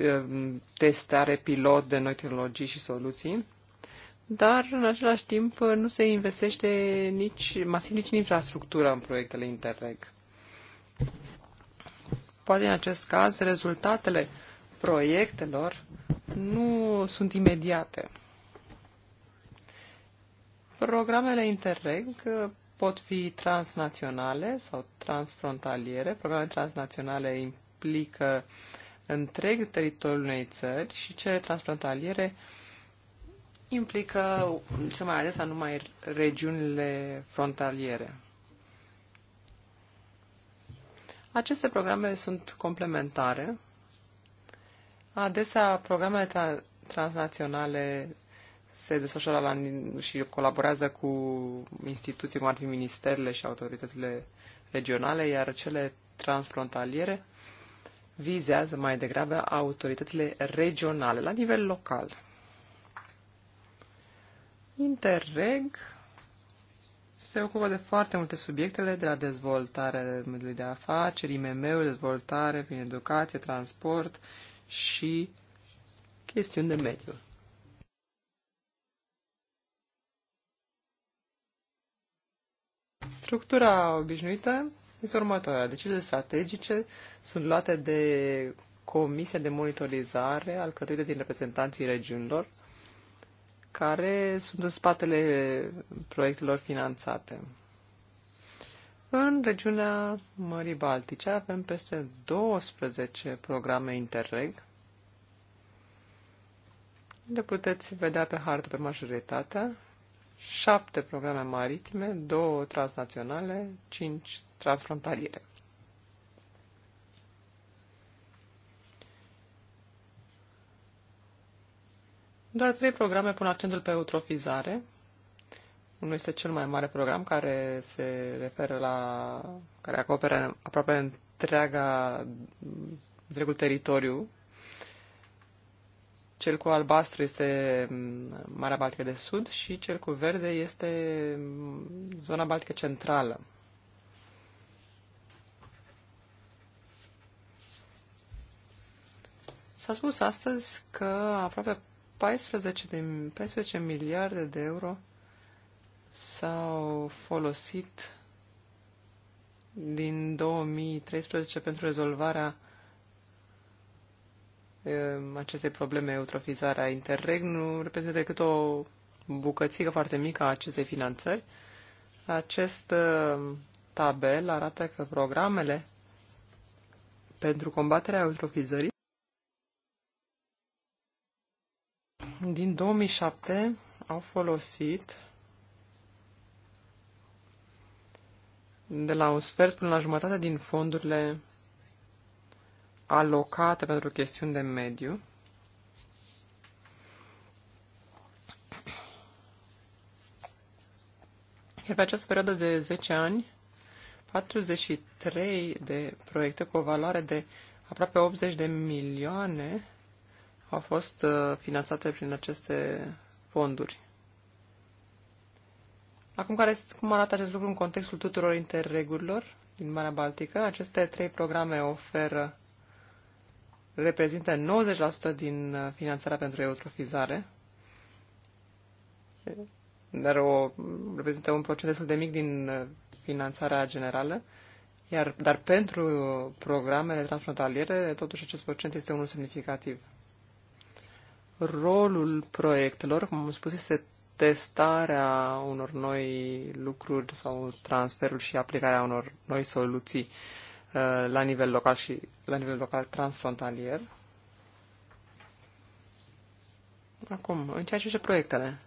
Um, testare pilot de noi tehnologii și soluții, dar în același timp nu se investește nici masiv nici în infrastructură în proiectele Interreg. Poate în acest caz rezultatele proiectelor nu sunt imediate. Programele Interreg uh, pot fi transnaționale sau transfrontaliere. Programele transnaționale implică uh, întreg teritoriul unei țări și cele transfrontaliere implică cel mai adesea numai regiunile frontaliere. Aceste programe sunt complementare. Adesea, programele tra- transnaționale se desfășoară la, și colaborează cu instituții cum ar fi ministerele și autoritățile regionale, iar cele transfrontaliere vizează mai degrabă autoritățile regionale, la nivel local. Interreg se ocupă de foarte multe subiectele, de la dezvoltare mediului de afaceri, IMM-uri, dezvoltare prin educație, transport și chestiuni de mediu. Structura obișnuită este următoarea. Deciziile strategice sunt luate de comisia de monitorizare alcătuită din reprezentanții regiunilor care sunt în spatele proiectelor finanțate. În regiunea Mării Baltice avem peste 12 programe Interreg. Le puteți vedea pe hartă pe majoritatea. 7 programe maritime, 2 transnaționale, 5 transfrontaliere. Doar trei programe pun accentul pe eutrofizare. Unul este cel mai mare program care se referă la, care acoperă aproape întreaga, întregul teritoriu. Cel cu albastru este Marea Baltică de Sud și cel cu verde este zona Baltică Centrală. S-a spus astăzi că aproape 14, de, 14 miliarde de euro s-au folosit din 2013 pentru rezolvarea um, acestei probleme, eutrofizarea Interreg, nu reprezintă decât o bucățică foarte mică a acestei finanțări. Acest um, tabel arată că programele pentru combaterea eutrofizării din 2007 au folosit de la un sfert până la jumătate din fondurile alocate pentru chestiuni de mediu. Iar pe această perioadă de 10 ani, 43 de proiecte cu o valoare de aproape 80 de milioane au fost uh, finanțate prin aceste fonduri. Acum, care, cum arată acest lucru în contextul tuturor interregurilor din Marea Baltică? Aceste trei programe oferă, reprezintă 90% din uh, finanțarea pentru eutrofizare, dar o, reprezintă un procent destul de mic din uh, finanțarea generală, iar, dar pentru programele transfrontaliere, totuși acest procent este unul semnificativ rolul proiectelor, cum am spus, este testarea unor noi lucruri sau transferul și aplicarea unor noi soluții uh, la nivel local și la nivel local transfrontalier. Acum, în ceea ce privește proiectele.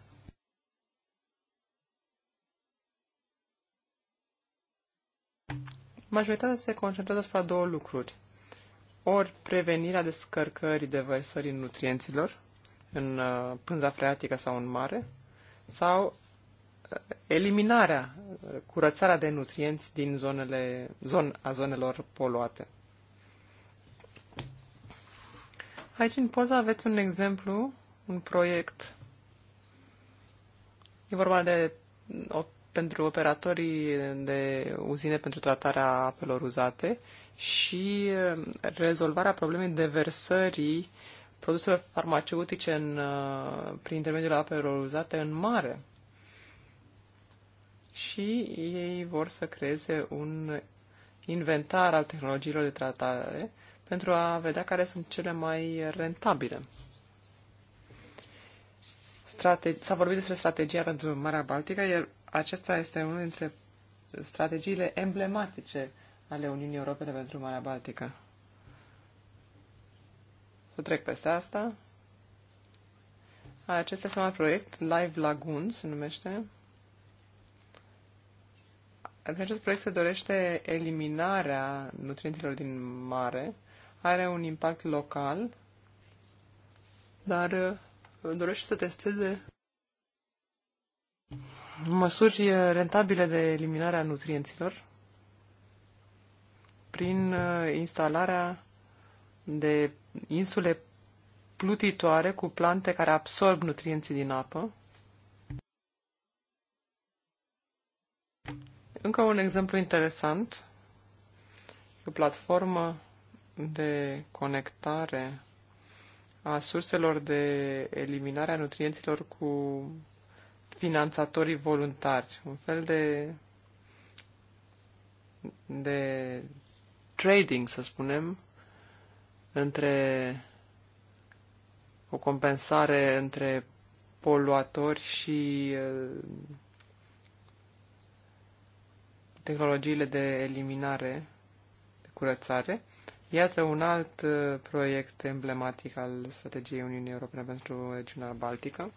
Majoritatea se concentrează asupra două lucruri. Ori prevenirea descărcării de vărsării nutrienților, în uh, pânza freatică sau în mare, sau uh, eliminarea, uh, curățarea de nutrienți din zonele, zon, a zonelor poluate. Aici în poza aveți un exemplu, un proiect. E vorba de o, pentru operatorii de uzine pentru tratarea apelor uzate și rezolvarea problemei deversării uh, produselor farmaceutice în, uh, prin intermediul apelor uzate în mare. Și ei vor să creeze un inventar al tehnologiilor de tratare pentru a vedea care sunt cele mai rentabile. Strate- S-a vorbit despre strategia pentru Marea Baltică, iar acesta este unul dintre strategiile emblematice ale Uniunii Europene pentru Marea Baltică trec peste asta. Acesta este un alt proiect, Live Lagoon se numește. În acest proiect se dorește eliminarea nutrienților din mare. Are un impact local, dar uh, dorește să testeze măsuri rentabile de eliminare a nutrienților prin uh, instalarea de insule plutitoare cu plante care absorb nutrienții din apă. Încă un exemplu interesant, o platformă de conectare a surselor de eliminare a nutrienților cu finanțatorii voluntari, un fel de, de trading, să spunem, între o compensare între poluatori și uh, tehnologiile de eliminare, de curățare. Iată un alt uh, proiect emblematic al strategiei Uniunii Europene pentru regiunea Baltică.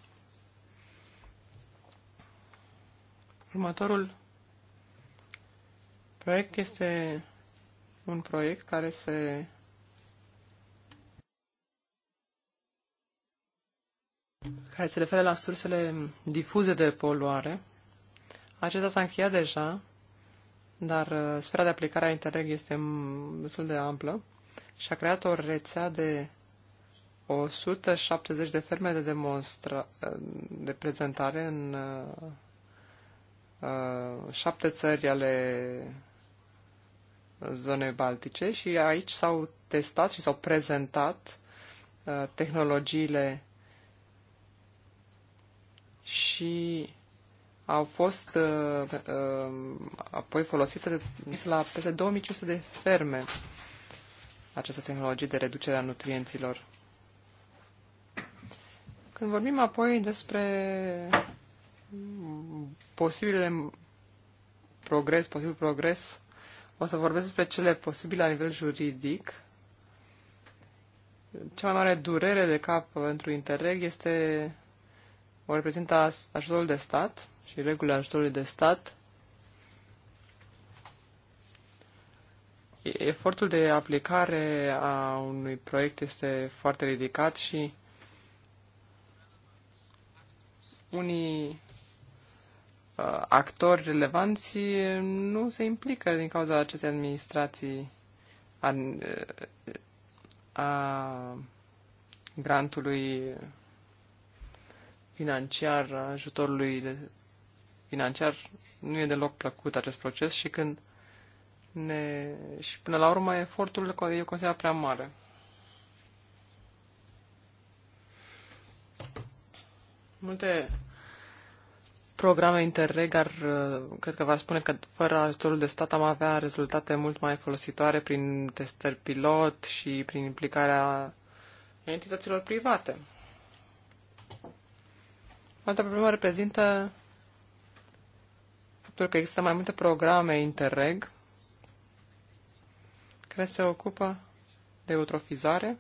Următorul proiect este un proiect care se care se referă la sursele difuze de poluare. Acesta s-a încheiat deja, dar uh, sfera de aplicare a Interreg este destul de amplă și a creat o rețea de 170 de ferme de, demonstra- uh, de prezentare în uh, uh, șapte țări ale zonei baltice și aici s-au testat și s-au prezentat uh, tehnologiile și au fost uh, uh apoi folosite la peste 2500 de ferme această tehnologie de reducere a nutrienților. Când vorbim apoi despre posibile progres, posibil progres, o să vorbesc despre cele posibile la nivel juridic. Cea mai mare durere de cap pentru Interreg este o reprezintă ajutorul de stat și regulile ajutorului de stat. Efortul de aplicare a unui proiect este foarte ridicat și unii uh, actori relevanți nu se implică din cauza acestei administrații a, uh, a grantului financiar, a ajutorului financiar, nu e deloc plăcut acest proces și când ne... și până la urmă efortul e considerat prea mare. Multe programe interreg ar, cred că v-ar spune că fără ajutorul de stat am avea rezultate mult mai folositoare prin testări pilot și prin implicarea entităților private. Alta problemă reprezintă faptul că există mai multe programe interreg care se ocupă de eutrofizare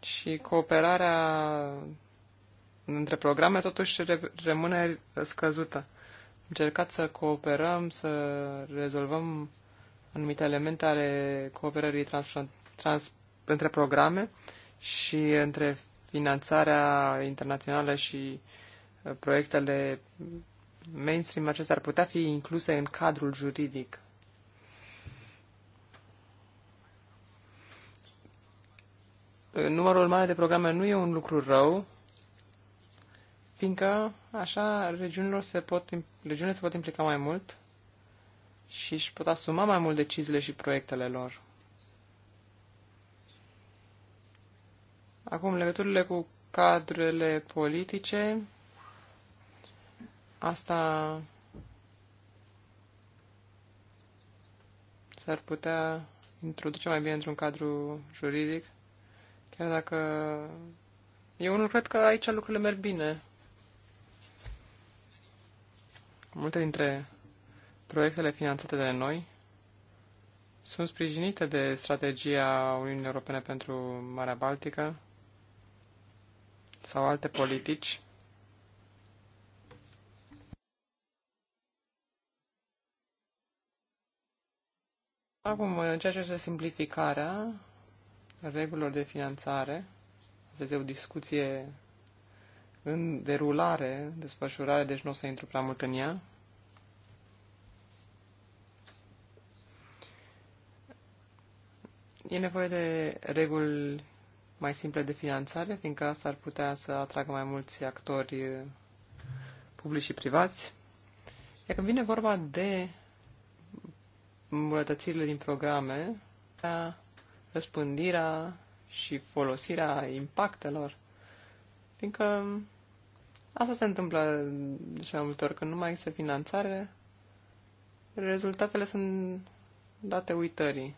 și cooperarea între programe totuși rămâne scăzută. Încercat să cooperăm, să rezolvăm anumite elemente ale cooperării trans, trans, între programe, și între finanțarea internațională și uh, proiectele mainstream acestea ar putea fi incluse în cadrul juridic. Uh, numărul mare de programe nu e un lucru rău, fiindcă așa regiunile se pot, regiunile se pot implica mai mult și își pot asuma mai mult deciziile și proiectele lor. Acum, legăturile cu cadrele politice, asta s-ar putea introduce mai bine într-un cadru juridic, chiar dacă eu nu cred că aici lucrurile merg bine. Multe dintre proiectele finanțate de noi sunt sprijinite de strategia Uniunii Europene pentru Marea Baltică, sau alte politici Acum, în ceea ce este simplificarea regulilor de finanțare, este o discuție în derulare, desfășurare, deci nu o să intru prea mult în ea. E nevoie de reguli mai simple de finanțare, fiindcă asta ar putea să atragă mai mulți actori eh, publici și privați. Iar când vine vorba de îmbunătățirile din programe, da, răspândirea și folosirea impactelor, fiindcă asta se întâmplă de cea mai multe ori, când nu mai există finanțare, rezultatele sunt date uitării.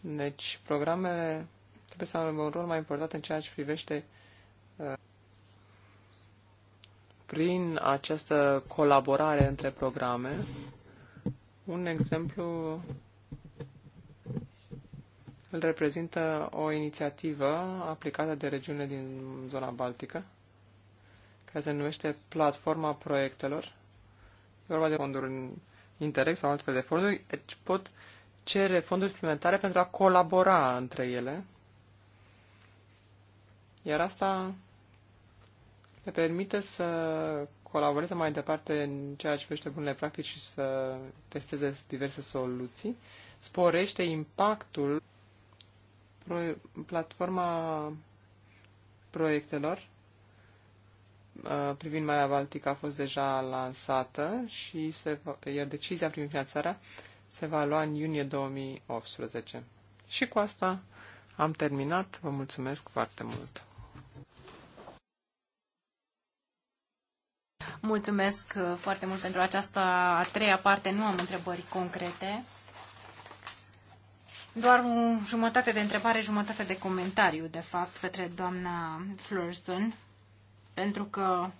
Deci, programele trebuie să aibă un rol mai important în ceea ce privește uh, prin această colaborare între programe. Un exemplu îl reprezintă o inițiativă aplicată de regiune din zona Baltică, care se numește Platforma Proiectelor. E vorba de fonduri în Interreg sau altfel de fonduri, deci pot cere fonduri suplimentare pentru a colabora între ele iar asta le permite să colaboreze mai departe în ceea ce privește bunele practici și să testeze diverse soluții, sporește impactul platforma proiectelor uh, privind Marea Baltică a fost deja lansată și se va, iar decizia privind finanțarea se va lua în iunie 2018. Și cu asta am terminat. Vă mulțumesc foarte mult! Mulțumesc uh, foarte mult pentru această a treia parte. Nu am întrebări concrete. Doar o jumătate de întrebare, jumătate de comentariu, de fapt, către doamna Florson, pentru că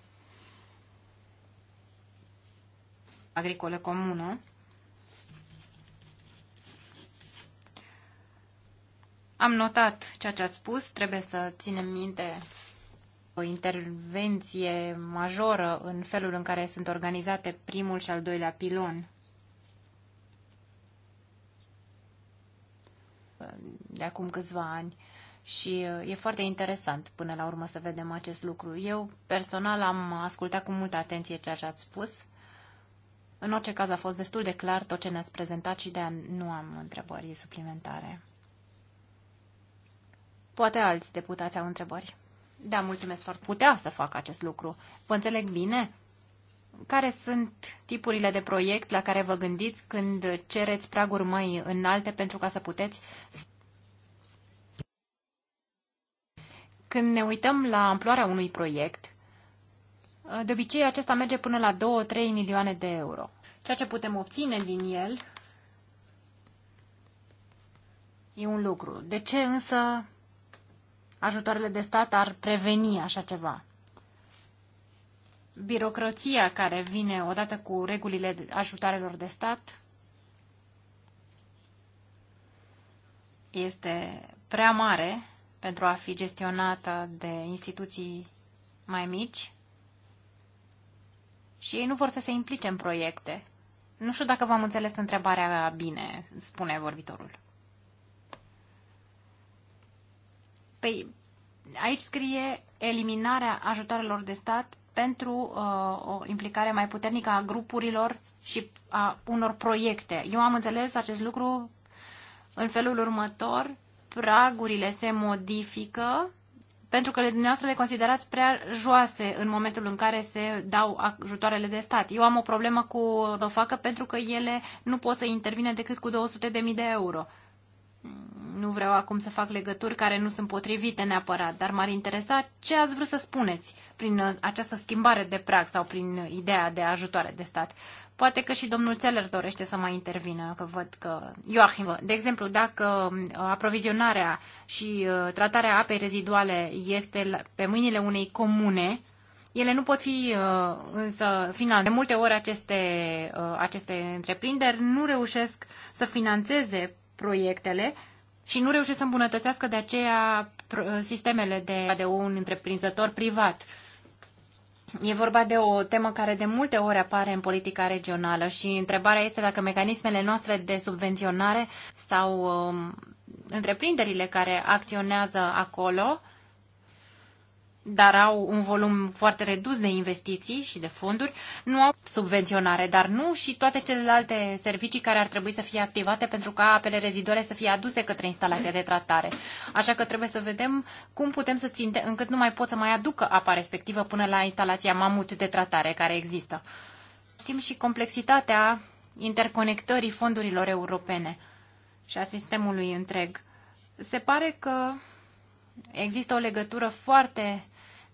agricole comună. Am notat ceea ce ați spus, trebuie să ținem minte o intervenție majoră în felul în care sunt organizate primul și al doilea pilon. de acum câțiva ani și e foarte interesant până la urmă să vedem acest lucru. Eu personal am ascultat cu multă atenție ceea ce ați spus. În orice caz a fost destul de clar tot ce ne-ați prezentat și de a nu am întrebări suplimentare. Poate alți deputați au întrebări. Da, mulțumesc foarte putea să fac acest lucru. Vă înțeleg bine? Care sunt tipurile de proiect la care vă gândiți când cereți praguri mai înalte pentru ca să puteți? Când ne uităm la amploarea unui proiect, de obicei acesta merge până la 2-3 milioane de euro. Ceea ce putem obține din el e un lucru. De ce însă ajutoarele de stat ar preveni așa ceva. Birocrația care vine odată cu regulile ajutoarelor de stat este prea mare pentru a fi gestionată de instituții mai mici și ei nu vor să se implice în proiecte. Nu știu dacă v-am înțeles întrebarea bine, spune vorbitorul. Păi, aici scrie eliminarea ajutoarelor de stat pentru uh, o implicare mai puternică a grupurilor și a unor proiecte. Eu am înțeles acest lucru în felul următor. Pragurile se modifică pentru că dumneavoastră le considerați prea joase în momentul în care se dau ajutoarele de stat. Eu am o problemă cu facă pentru că ele nu pot să intervine decât cu 200.000 de euro. Nu vreau acum să fac legături care nu sunt potrivite neapărat, dar m-ar interesa ce ați vrut să spuneți prin uh, această schimbare de prag sau prin ideea de ajutoare de stat. Poate că și domnul Țeler dorește să mai intervină, că văd că... Joachim, de exemplu, dacă um, aprovizionarea și uh, tratarea apei reziduale este pe mâinile unei comune, ele nu pot fi uh, însă finanțate. De multe ori aceste, aceste întreprinderi nu reușesc să financeze proiectele și nu reușesc să îmbunătățească de aceea sistemele de, de un întreprinzător privat. E vorba de o temă care de multe ori apare în politica regională și întrebarea este dacă mecanismele noastre de subvenționare sau um, întreprinderile care acționează acolo uh, dar au un volum foarte redus de investiții și de fonduri, nu au subvenționare, dar nu și toate celelalte servicii care ar trebui să fie activate pentru ca apele reziduale să fie aduse către instalația de tratare. Așa că trebuie să vedem cum putem să ținte încât nu mai pot să mai aducă apa respectivă până la instalația mamut de tratare care există. Știm și complexitatea interconectării fondurilor europene și a sistemului întreg. Se pare că există o legătură foarte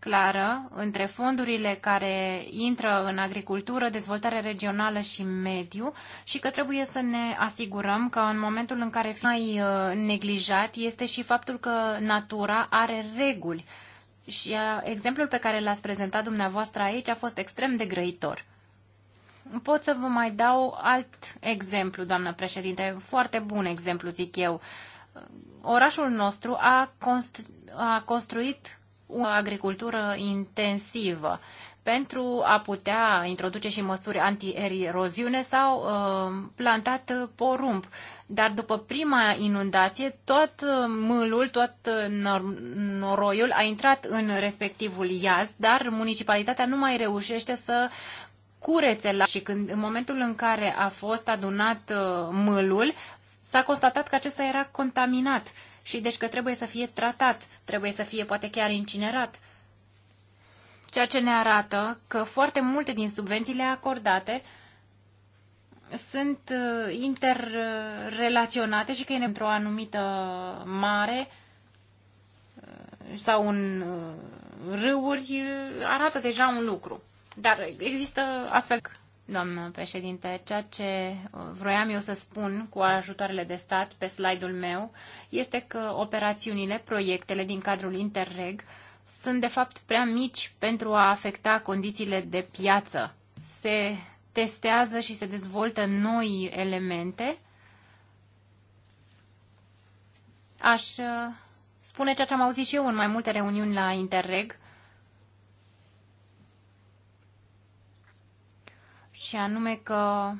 clară între fondurile care intră în agricultură, dezvoltare regională și mediu și că trebuie să ne asigurăm că în momentul în care fi mai uh, neglijat este și faptul că natura are reguli. Și uh, exemplul pe care l-ați prezentat dumneavoastră aici a fost extrem de grăitor. Pot să vă mai dau alt exemplu, doamnă președinte, foarte bun exemplu, zic eu. Orașul nostru a, constru- a construit o agricultură intensivă pentru a putea introduce și măsuri anti-eroziune sau uh, plantat porumb. Dar după prima inundație, tot uh, mâlul, tot uh, noroiul a intrat în respectivul iaz, dar municipalitatea nu mai reușește să curețe la și când în momentul în care a fost adunat uh, mâlul, s-a constatat că acesta era contaminat și deci că trebuie să fie tratat, trebuie să fie poate chiar incinerat. Ceea ce ne arată că foarte multe din subvențiile acordate sunt uh, interrelaționate și că e într-o anumită mare uh, sau în uh, râuri arată deja un lucru. Dar există astfel doamnă președinte. Ceea ce uh, vroiam eu să spun cu ajutoarele de stat pe slide-ul meu este că operațiunile, proiectele din cadrul Interreg sunt de fapt prea mici pentru a afecta condițiile de piață. Se testează și se dezvoltă noi elemente. Aș uh, spune ceea ce am auzit și eu în mai multe reuniuni la Interreg, și anume că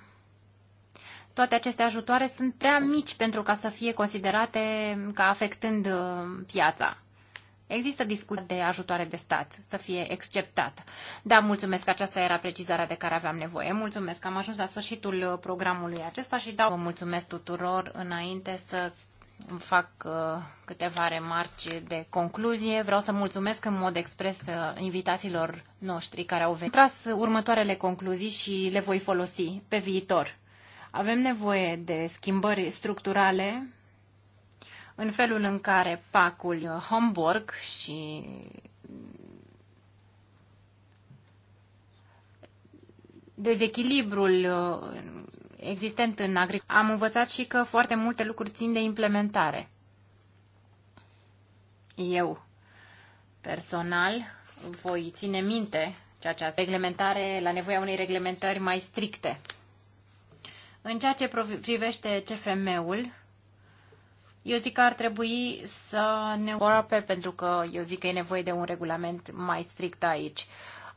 toate aceste ajutoare sunt prea mici pentru ca să fie considerate ca afectând uh, piața. Există discuții de ajutoare de stat să fie exceptată. Da, mulțumesc, aceasta era precizarea de care aveam nevoie. Mulțumesc, am ajuns la sfârșitul uh, programului acesta și da, vă mulțumesc tuturor înainte să fac uh, câteva remarci de concluzie. Vreau să mulțumesc în mod expres uh, invitațiilor noștri care au venit. tras următoarele concluzii și le voi folosi pe viitor. Avem nevoie de schimbări structurale în felul în care pacul Homburg și dezechilibrul uh, existent în agricultură. Am învățat și că foarte multe lucruri țin de implementare. Eu, personal, voi ține minte ceea ce ați reglementare, la nevoia unei reglementări mai stricte. În ceea ce privește CFM-ul, eu zic că ar trebui să ne urape, pentru că eu zic că e nevoie de un regulament mai strict aici.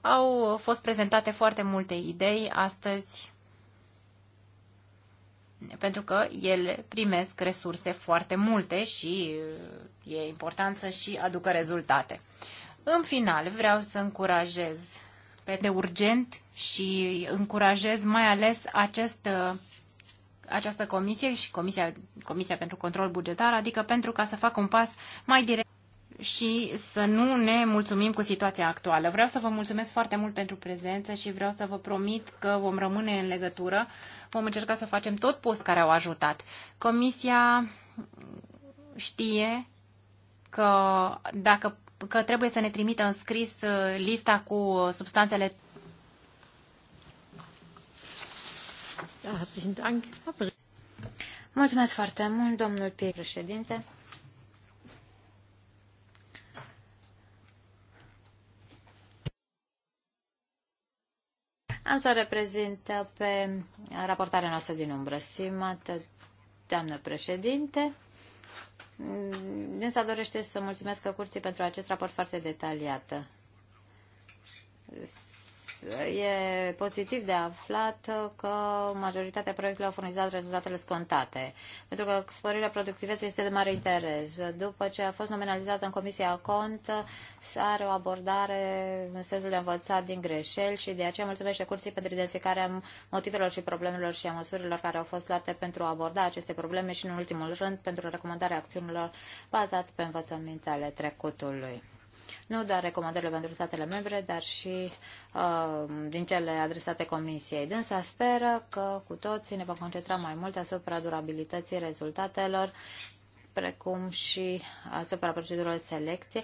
Au fost prezentate foarte multe idei astăzi pentru că ele primesc resurse foarte multe și uh, e important să și aducă rezultate. În final, vreau să încurajez pe de urgent și încurajez mai ales acest, uh, această comisie și comisia, comisia pentru control bugetar, adică pentru ca să facă un pas mai direct și să nu ne mulțumim cu situația actuală. Vreau să vă mulțumesc foarte mult pentru prezență și vreau să vă promit că vom rămâne în legătură Vom încerca să facem tot post care au ajutat. Comisia știe că dacă că trebuie să ne trimită în scris uh, lista cu uh, substanțele da, Mulțumesc foarte mult, domnul președinte. Am să reprezint pe raportarea noastră din umbră. Stimată doamnă președinte, însă dorește să mulțumesc curții pentru acest raport foarte detaliat e pozitiv de aflat că majoritatea proiectelor au furnizat rezultatele scontate, pentru că sporirea productivității este de mare interes. După ce a fost nominalizată în Comisia Cont, are o abordare în sensul de învățat din greșeli și de aceea mulțumește Curții pentru identificarea motivelor și problemelor și a măsurilor care au fost luate pentru a aborda aceste probleme și, în ultimul rând, pentru recomandarea acțiunilor bazate pe învățămintele trecutului nu doar recomandările pentru statele membre, dar și uh, din cele adresate Comisiei. Dânsa speră că cu toții ne vom concentra mai mult asupra durabilității rezultatelor, precum și asupra procedurilor de selecție,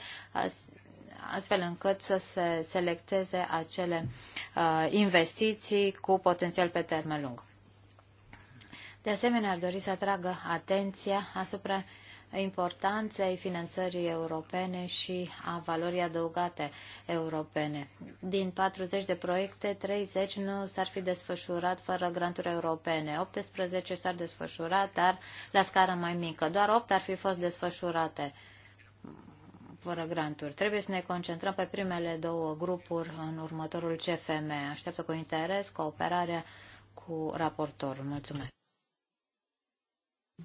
astfel încât să se selecteze acele uh, investiții cu potențial pe termen lung. De asemenea, ar dori să atragă atenția asupra importanței finanțării europene și a valorii adăugate europene. Din 40 de proiecte, 30 nu s-ar fi desfășurat fără granturi europene. 18 s-ar desfășura, dar la scară mai mică. Doar 8 ar fi fost desfășurate fără granturi. Trebuie să ne concentrăm pe primele două grupuri în următorul CFM. Așteaptă cu interes cooperarea cu raportorul. Mulțumesc.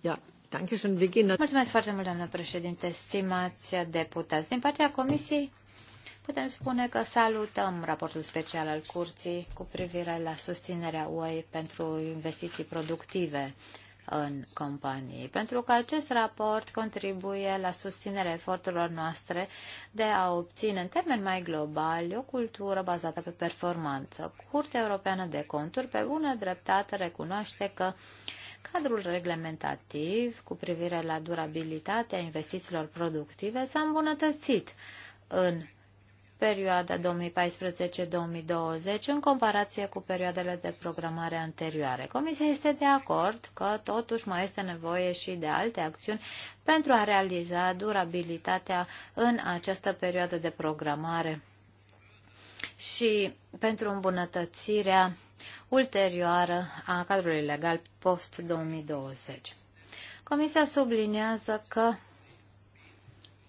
Yeah. Da. Uh, Mulțumesc foarte mult, doamnă președinte, stimați deputați. Din partea Comisiei, putem spune că salutăm raportul special al Curții cu privire la susținerea UE pentru investiții productive în companii, pentru că acest raport contribuie la susținerea eforturilor noastre de a obține în termeni mai globali o cultură bazată pe performanță. Curtea Europeană de Conturi, pe bună dreptate, recunoaște că Cadrul reglementativ cu privire la durabilitatea investițiilor productive s-a îmbunătățit în perioada 2014-2020 în comparație cu perioadele de programare anterioare. Comisia este de acord că totuși mai este nevoie și de alte acțiuni pentru a realiza durabilitatea în această perioadă de programare și pentru îmbunătățirea ulterioară a cadrului legal post-2020. Comisia subliniază că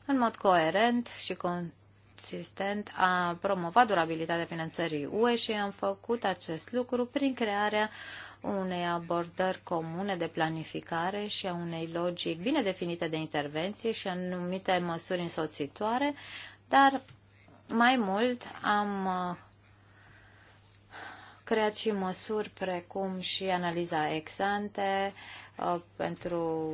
în mod coerent și consistent a promovat durabilitatea finanțării UE și am făcut acest lucru prin crearea unei abordări comune de planificare și a unei logici bine definite de intervenție și anumite măsuri însoțitoare, dar mai mult, am uh, creat și măsuri precum și analiza ex-ante uh, pentru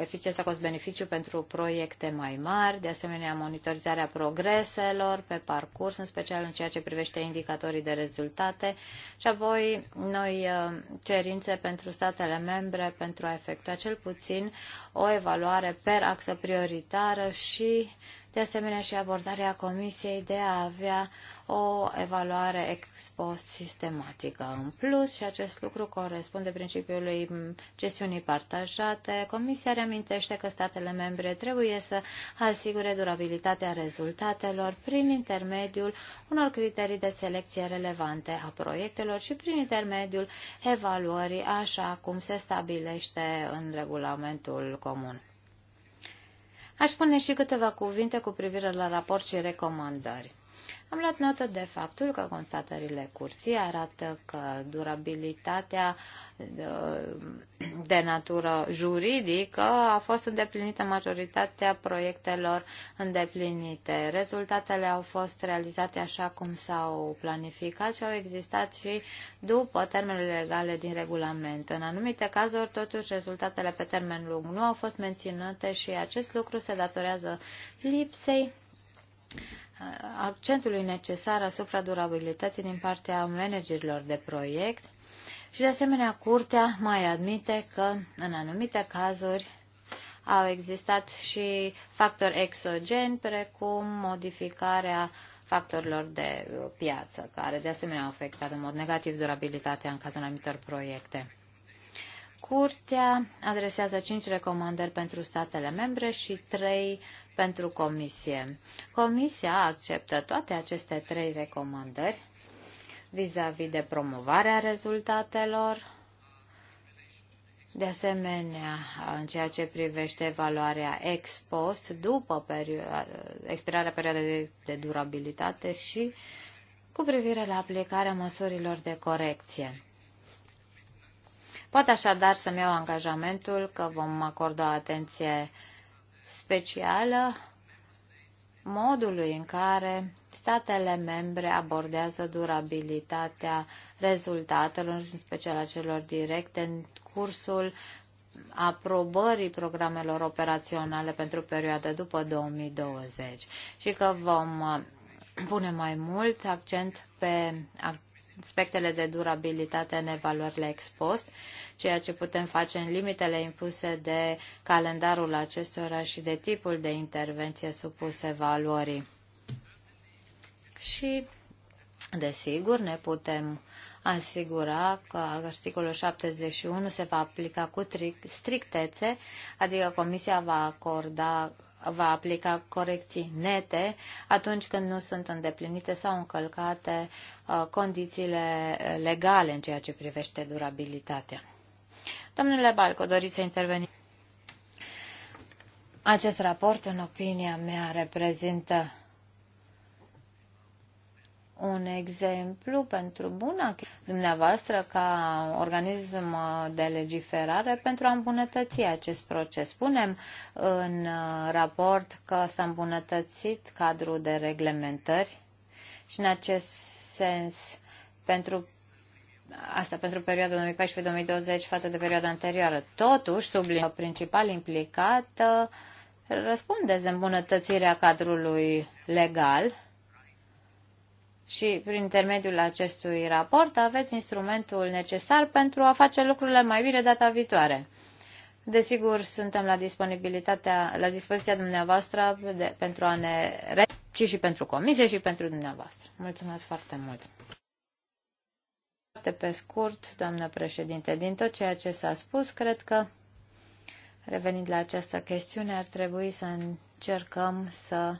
eficiența cost-beneficiu pentru proiecte mai mari, de asemenea monitorizarea progreselor pe parcurs, în special în ceea ce privește indicatorii de rezultate și apoi noi uh, cerințe pentru statele membre pentru a efectua cel puțin o evaluare per axă prioritară și de asemenea și abordarea Comisiei de a avea o evaluare ex post sistematică. În plus, și acest lucru corespunde principiului gestiunii partajate, Comisia reamintește că statele membre trebuie să asigure durabilitatea rezultatelor prin intermediul unor criterii de selecție relevante a proiectelor și prin intermediul evaluării, așa cum se stabilește în regulamentul comun. Aș spune și câteva cuvinte cu privire la raport și recomandări. Am luat notă de faptul că constatările curții arată că durabilitatea uh, de natură juridică a fost îndeplinită majoritatea proiectelor îndeplinite. Rezultatele au fost realizate așa cum s-au planificat și au existat și după termenele legale din regulament. În anumite cazuri, totuși, rezultatele pe termen lung nu au fost menținute și acest lucru se datorează lipsei accentului necesar asupra durabilității din partea managerilor de proiect și, de asemenea, Curtea mai admite că, în anumite cazuri, au existat și factori exogeni, precum modificarea factorilor de piață, care, de asemenea, au afectat în mod negativ durabilitatea în cazul anumitor proiecte. Curtea adresează cinci recomandări pentru statele membre și trei pentru Comisie. Comisia acceptă toate aceste trei recomandări vis-a-vis -vis de promovarea rezultatelor, de asemenea, în ceea ce privește evaluarea ex post, după perio- expirarea perioadei de durabilitate și cu privire la aplicarea măsurilor de corecție. Pot așadar să-mi iau angajamentul că vom acorda atenție specială modului în care statele membre abordează durabilitatea rezultatelor, în special a celor directe, în cursul aprobării programelor operaționale pentru perioada după 2020 și că vom uh, pune mai mult accent pe aspectele de durabilitate în evaluările post, ceea ce putem face în limitele impuse de calendarul acestora și de tipul de intervenție supus evaluării. Și, desigur, ne putem asigura că articolul 71 se va aplica cu strictețe, adică Comisia va acorda va aplica corecții nete atunci când nu sunt îndeplinite sau încălcate uh, condițiile legale în ceea ce privește durabilitatea. Domnule Balco, doriți să interveniți? Acest raport, în opinia mea, reprezintă un exemplu pentru bună dumneavoastră ca organism de legiferare pentru a îmbunătăți acest proces. Spunem în raport că s-a îmbunătățit cadrul de reglementări și în acest sens pentru asta pentru perioada 2014-2020 față de perioada anterioară. Totuși, sub principal implicat răspunde de îmbunătățirea cadrului legal și prin intermediul acestui raport aveți instrumentul necesar pentru a face lucrurile mai bine data viitoare. Desigur, suntem la, disponibilitatea, la dispoziția dumneavoastră de, pentru a ne re- ci și pentru comisie și pentru dumneavoastră. Mulțumesc foarte mult! Foarte pe scurt, doamnă președinte, din tot ceea ce s-a spus, cred că, revenind la această chestiune, ar trebui să încercăm să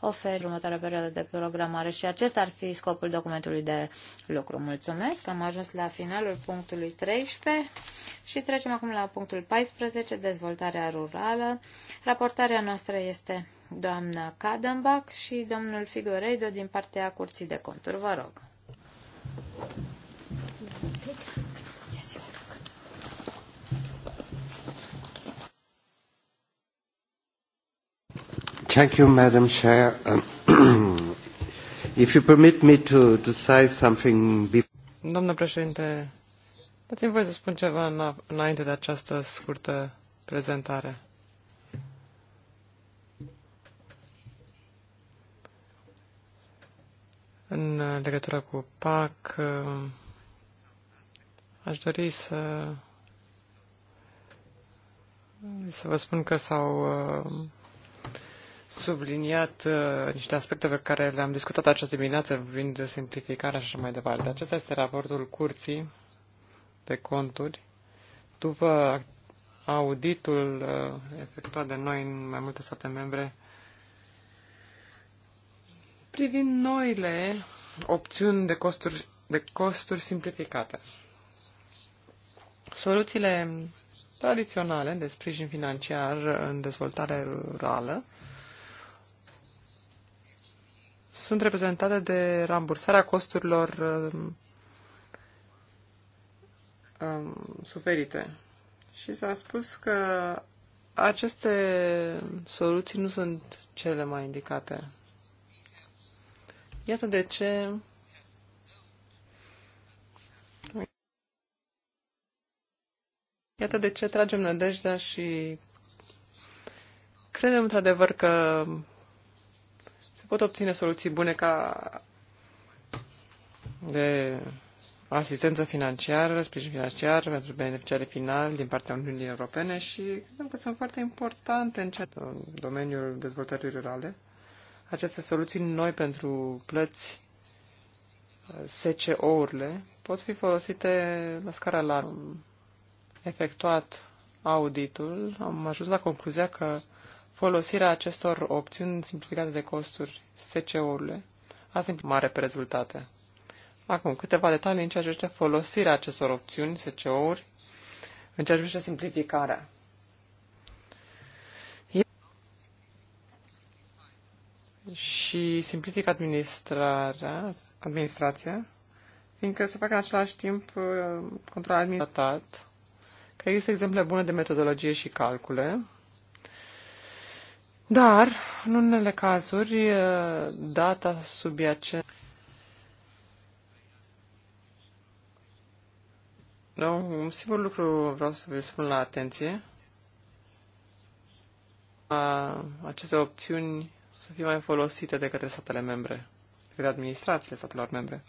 oferi următoarea perioadă de programare și acesta ar fi scopul documentului de lucru. Mulțumesc, am ajuns la finalul punctului 13 și trecem acum la punctul 14, dezvoltarea rurală. Raportarea noastră este doamna Kadenbach și domnul Figoreido din partea Curții de Conturi. Vă rog. Thank you. Thank you, Madam Chair. Um, [CLEARS THROAT] if you permit me to, to say something before... Doamnă președinte, dați-mi voie să spun ceva înainte de această scurtă prezentare. În legătură cu PAC, aș dori să, să vă spun că s-au subliniat uh, niște aspecte pe care le-am discutat această dimineață, vorbind de simplificarea și așa mai departe. Acesta este raportul curții de conturi după auditul uh, efectuat de noi în mai multe state membre privind noile opțiuni de costuri, de costuri simplificate. Soluțiile tradiționale de sprijin financiar în dezvoltare rurală sunt reprezentate de rambursarea costurilor um, um, suferite. Și s-a spus că aceste soluții nu sunt cele mai indicate. Iată de ce Iată de ce tragem nădejdea și credem într-adevăr că pot obține soluții bune ca de asistență financiară, sprijin financiar pentru beneficiare final din partea Uniunii Europene și credem că sunt foarte importante în, ce... în domeniul dezvoltării rurale. Aceste soluții noi pentru plăți SCO-urile pot fi folosite la scara largă. Efectuat auditul, am ajuns la concluzia că Folosirea acestor opțiuni simplificate de costuri, SCO-urile, a simplu mare pe rezultate. Acum, câteva detalii în ceea ce privește folosirea acestor opțiuni, SCO-uri, în ceea ce privește simplificarea. și simplifică administrarea, administrația, fiindcă se fac în același timp uh, control administrat, că există exemple bune de metodologie și calcule, dar, în unele cazuri, data subiacentă Da, un singur lucru vreau să vi spun la atenție. A, aceste opțiuni să fie mai folosite de către statele membre, de către administrațiile statelor membre.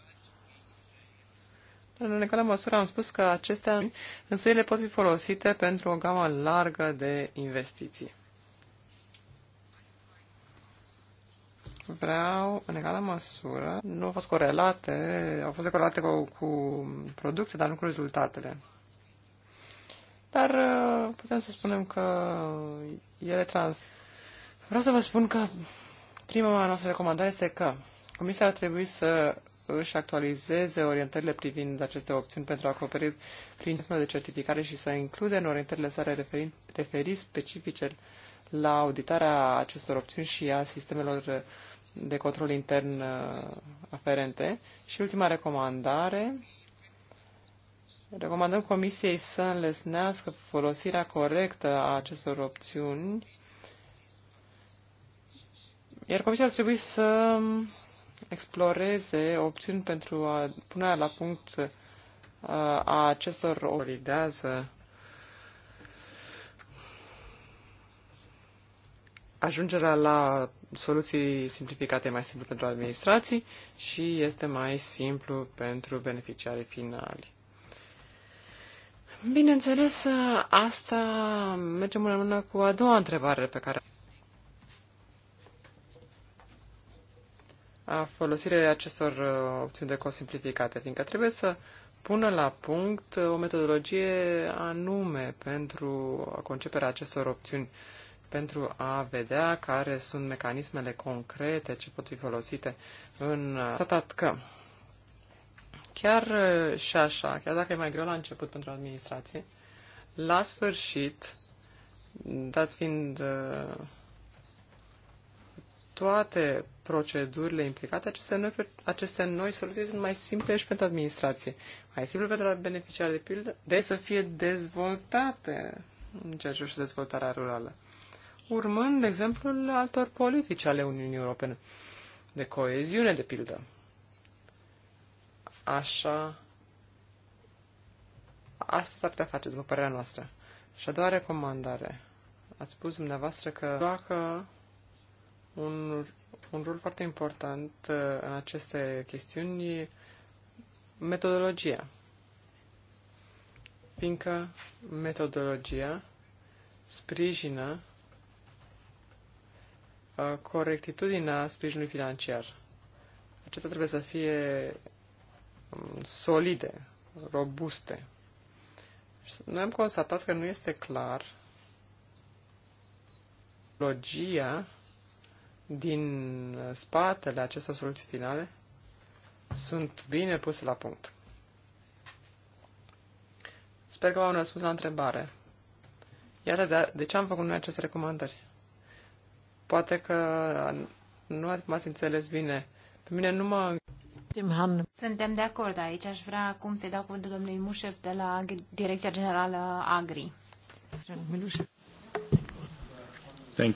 Dar, în egală măsură am spus că acestea însă ele pot fi folosite pentru o gamă largă de investiții. vreau, în egală măsură, nu au fost corelate, au fost corelate cu, cu producția, dar nu cu rezultatele. Dar uh, putem să spunem că ele trans. Vreau să vă spun că prima noastră recomandare este că Comisia ar trebui să își actualizeze orientările privind aceste opțiuni pentru a acoperi prin de certificare și să include în orientările sale referi, referi specifice la auditarea acestor opțiuni și a sistemelor de control intern uh, aferente. Și ultima recomandare, recomandăm Comisiei să înlesnească folosirea corectă a acestor opțiuni, iar Comisia ar trebui să exploreze opțiuni pentru a pune la punct uh, a acestor oblidează ajungerea la soluții simplificate mai simplu pentru administrații și este mai simplu pentru beneficiarii finali. Bineînțeles, asta mergem în mână cu a doua întrebare pe care a folosirea acestor uh, opțiuni de cost simplificate, fiindcă trebuie să pună la punct o metodologie anume pentru conceperea acestor opțiuni pentru a vedea care sunt mecanismele concrete ce pot fi folosite în statat că chiar uh, și așa, chiar dacă e mai greu la început pentru administrație, la sfârșit, dat fiind uh, toate procedurile implicate, aceste noi, aceste noi soluții sunt mai simple și pentru administrație. Mai simplu pentru beneficiari de pildă, de să fie dezvoltate în ceea ce și dezvoltarea rurală urmând exemplul altor politici ale Uniunii Europene, de coeziune, de pildă. Așa, asta s-ar putea face, după părerea noastră. Și a doua recomandare. Ați spus dumneavoastră că joacă un, un rol foarte important uh, în aceste chestiuni metodologia. Fiindcă metodologia sprijină corectitudinea sprijinului financiar. Acestea trebuie să fie um, solide, robuste. Noi am constatat că nu este clar logia din spatele acestor soluții finale sunt bine puse la punct. Sper că v-am răspuns la întrebare. Iată de, de ce am făcut noi aceste recomandări. Poate că nu m-ați înțeles bine. Pe mine nu mă... Suntem de acord aici. Aș vrea acum să-i dau cuvântul domnului Mușev de la Direcția Generală Agri.